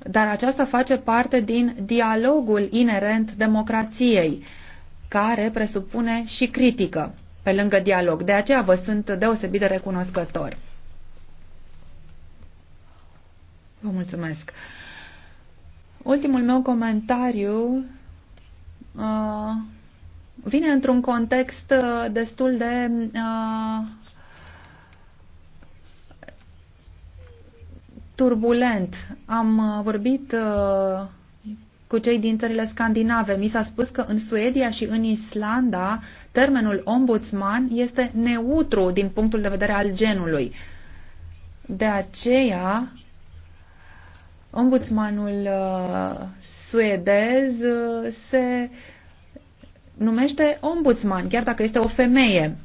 dar aceasta face parte din dialogul inerent democrației, care presupune și critică pe lângă dialog. De aceea vă sunt deosebit de recunoscător. Vă mulțumesc. Ultimul meu comentariu uh, vine într-un context uh, destul de uh, turbulent. Am uh, vorbit uh, cu cei din țările scandinave. Mi s-a spus că în Suedia și în Islanda termenul ombudsman este neutru din punctul de vedere al genului. De aceea, ombudsmanul uh, suedez se numește ombudsman, chiar dacă este o femeie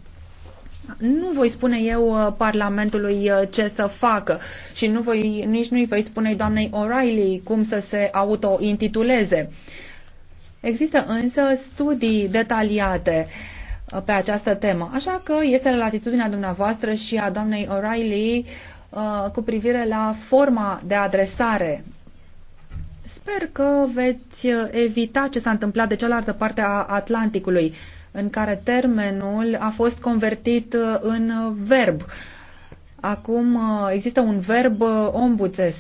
nu voi spune eu uh, Parlamentului uh, ce să facă și nu voi, nici nu-i voi spune doamnei O'Reilly cum să se autointituleze. Există însă studii detaliate uh, pe această temă, așa că este la latitudinea dumneavoastră și a doamnei O'Reilly cu privire la forma de adresare Sper că veți evita ce s-a întâmplat de cealaltă parte a Atlanticului în care termenul a fost convertit uh, în uh, verb. Acum uh, există un verb ombuțes.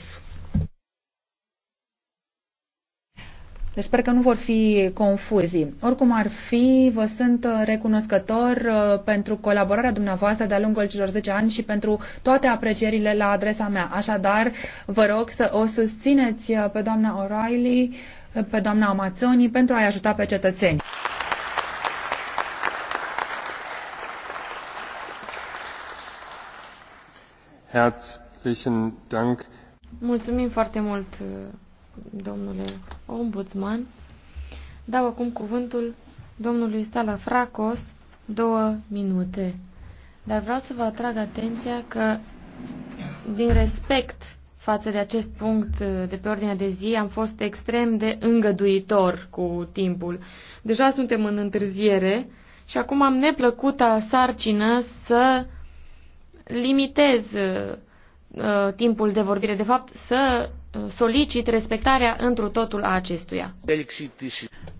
Deci sper că nu vor fi confuzii. Oricum ar fi, vă sunt recunoscător pentru colaborarea dumneavoastră de-a lungul celor 10 ani și pentru toate aprecierile la adresa mea. Așadar, vă rog să o susțineți pe doamna O'Reilly, pe doamna Amazonii, pentru a-i ajuta pe cetățeni. Herzlichen Dank. Mulțumim foarte mult, domnule ombudsman. Dau acum cuvântul domnului Stala Fracos, două minute. Dar vreau să vă atrag atenția că, din respect față de acest punct de pe ordinea de zi, am fost extrem de îngăduitor cu timpul. Deja suntem în întârziere și acum am neplăcuta sarcină să limitez uh, uh, timpul de vorbire, de fapt să uh, solicit respectarea întru totul a acestuia.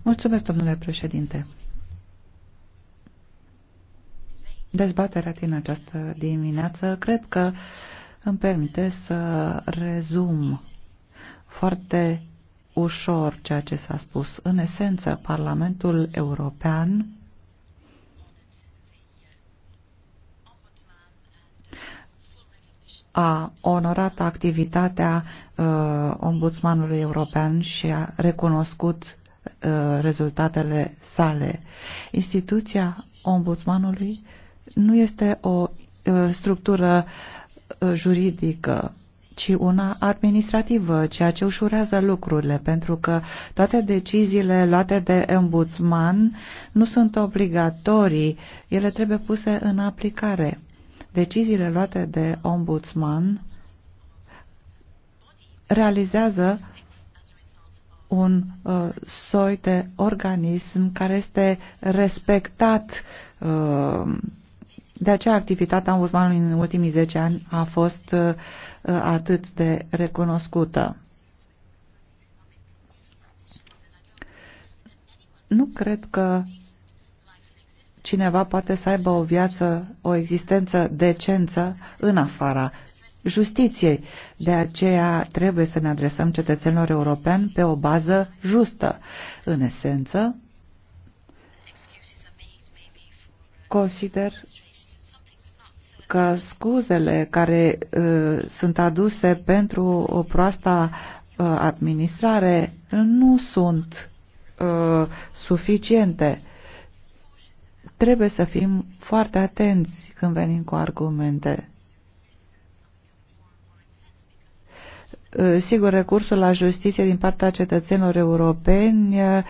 Mulțumesc, domnule președinte. Dezbaterea din această dimineață cred că îmi permite să rezum foarte ușor ceea ce s-a spus. În esență, Parlamentul European a onorat activitatea uh, ombudsmanului european și a recunoscut uh, rezultatele sale. Instituția ombudsmanului nu este o uh, structură juridică, ci una administrativă, ceea ce ușurează lucrurile, pentru că toate deciziile luate de ombudsman nu sunt obligatorii, ele trebuie puse în aplicare. Deciziile luate de ombudsman realizează un uh, soi de organism care este respectat. Uh, de aceea activitatea ombudsmanului în ultimii 10 ani a fost uh, atât de recunoscută. Nu cred că cineva poate să aibă o viață, o existență decență în afara justiției. De aceea trebuie să ne adresăm cetățenilor europeni pe o bază justă. În esență, consider că scuzele care uh, sunt aduse pentru o proasta uh, administrare nu sunt uh, suficiente. Trebuie să fim foarte atenți când venim cu argumente. Uh, sigur, recursul la justiție din partea cetățenilor europeni uh,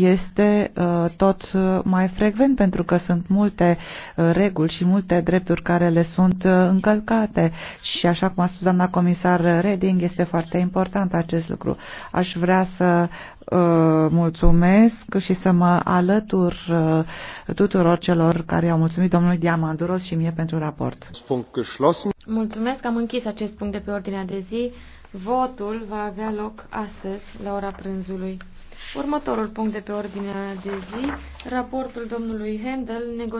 este uh, tot mai frecvent pentru că sunt multe reguli și multe drepturi care le sunt încălcate și așa cum a spus doamna comisar Reding, este foarte important acest lucru. Aș vrea să Uh, mulțumesc și să mă alătur uh, tuturor celor care au mulțumit domnului Diamanduros și mie pentru raport. Mulțumesc, am închis acest punct de pe ordinea de zi. Votul va avea loc astăzi la ora prânzului. Următorul punct de pe ordinea de zi, raportul domnului Handel,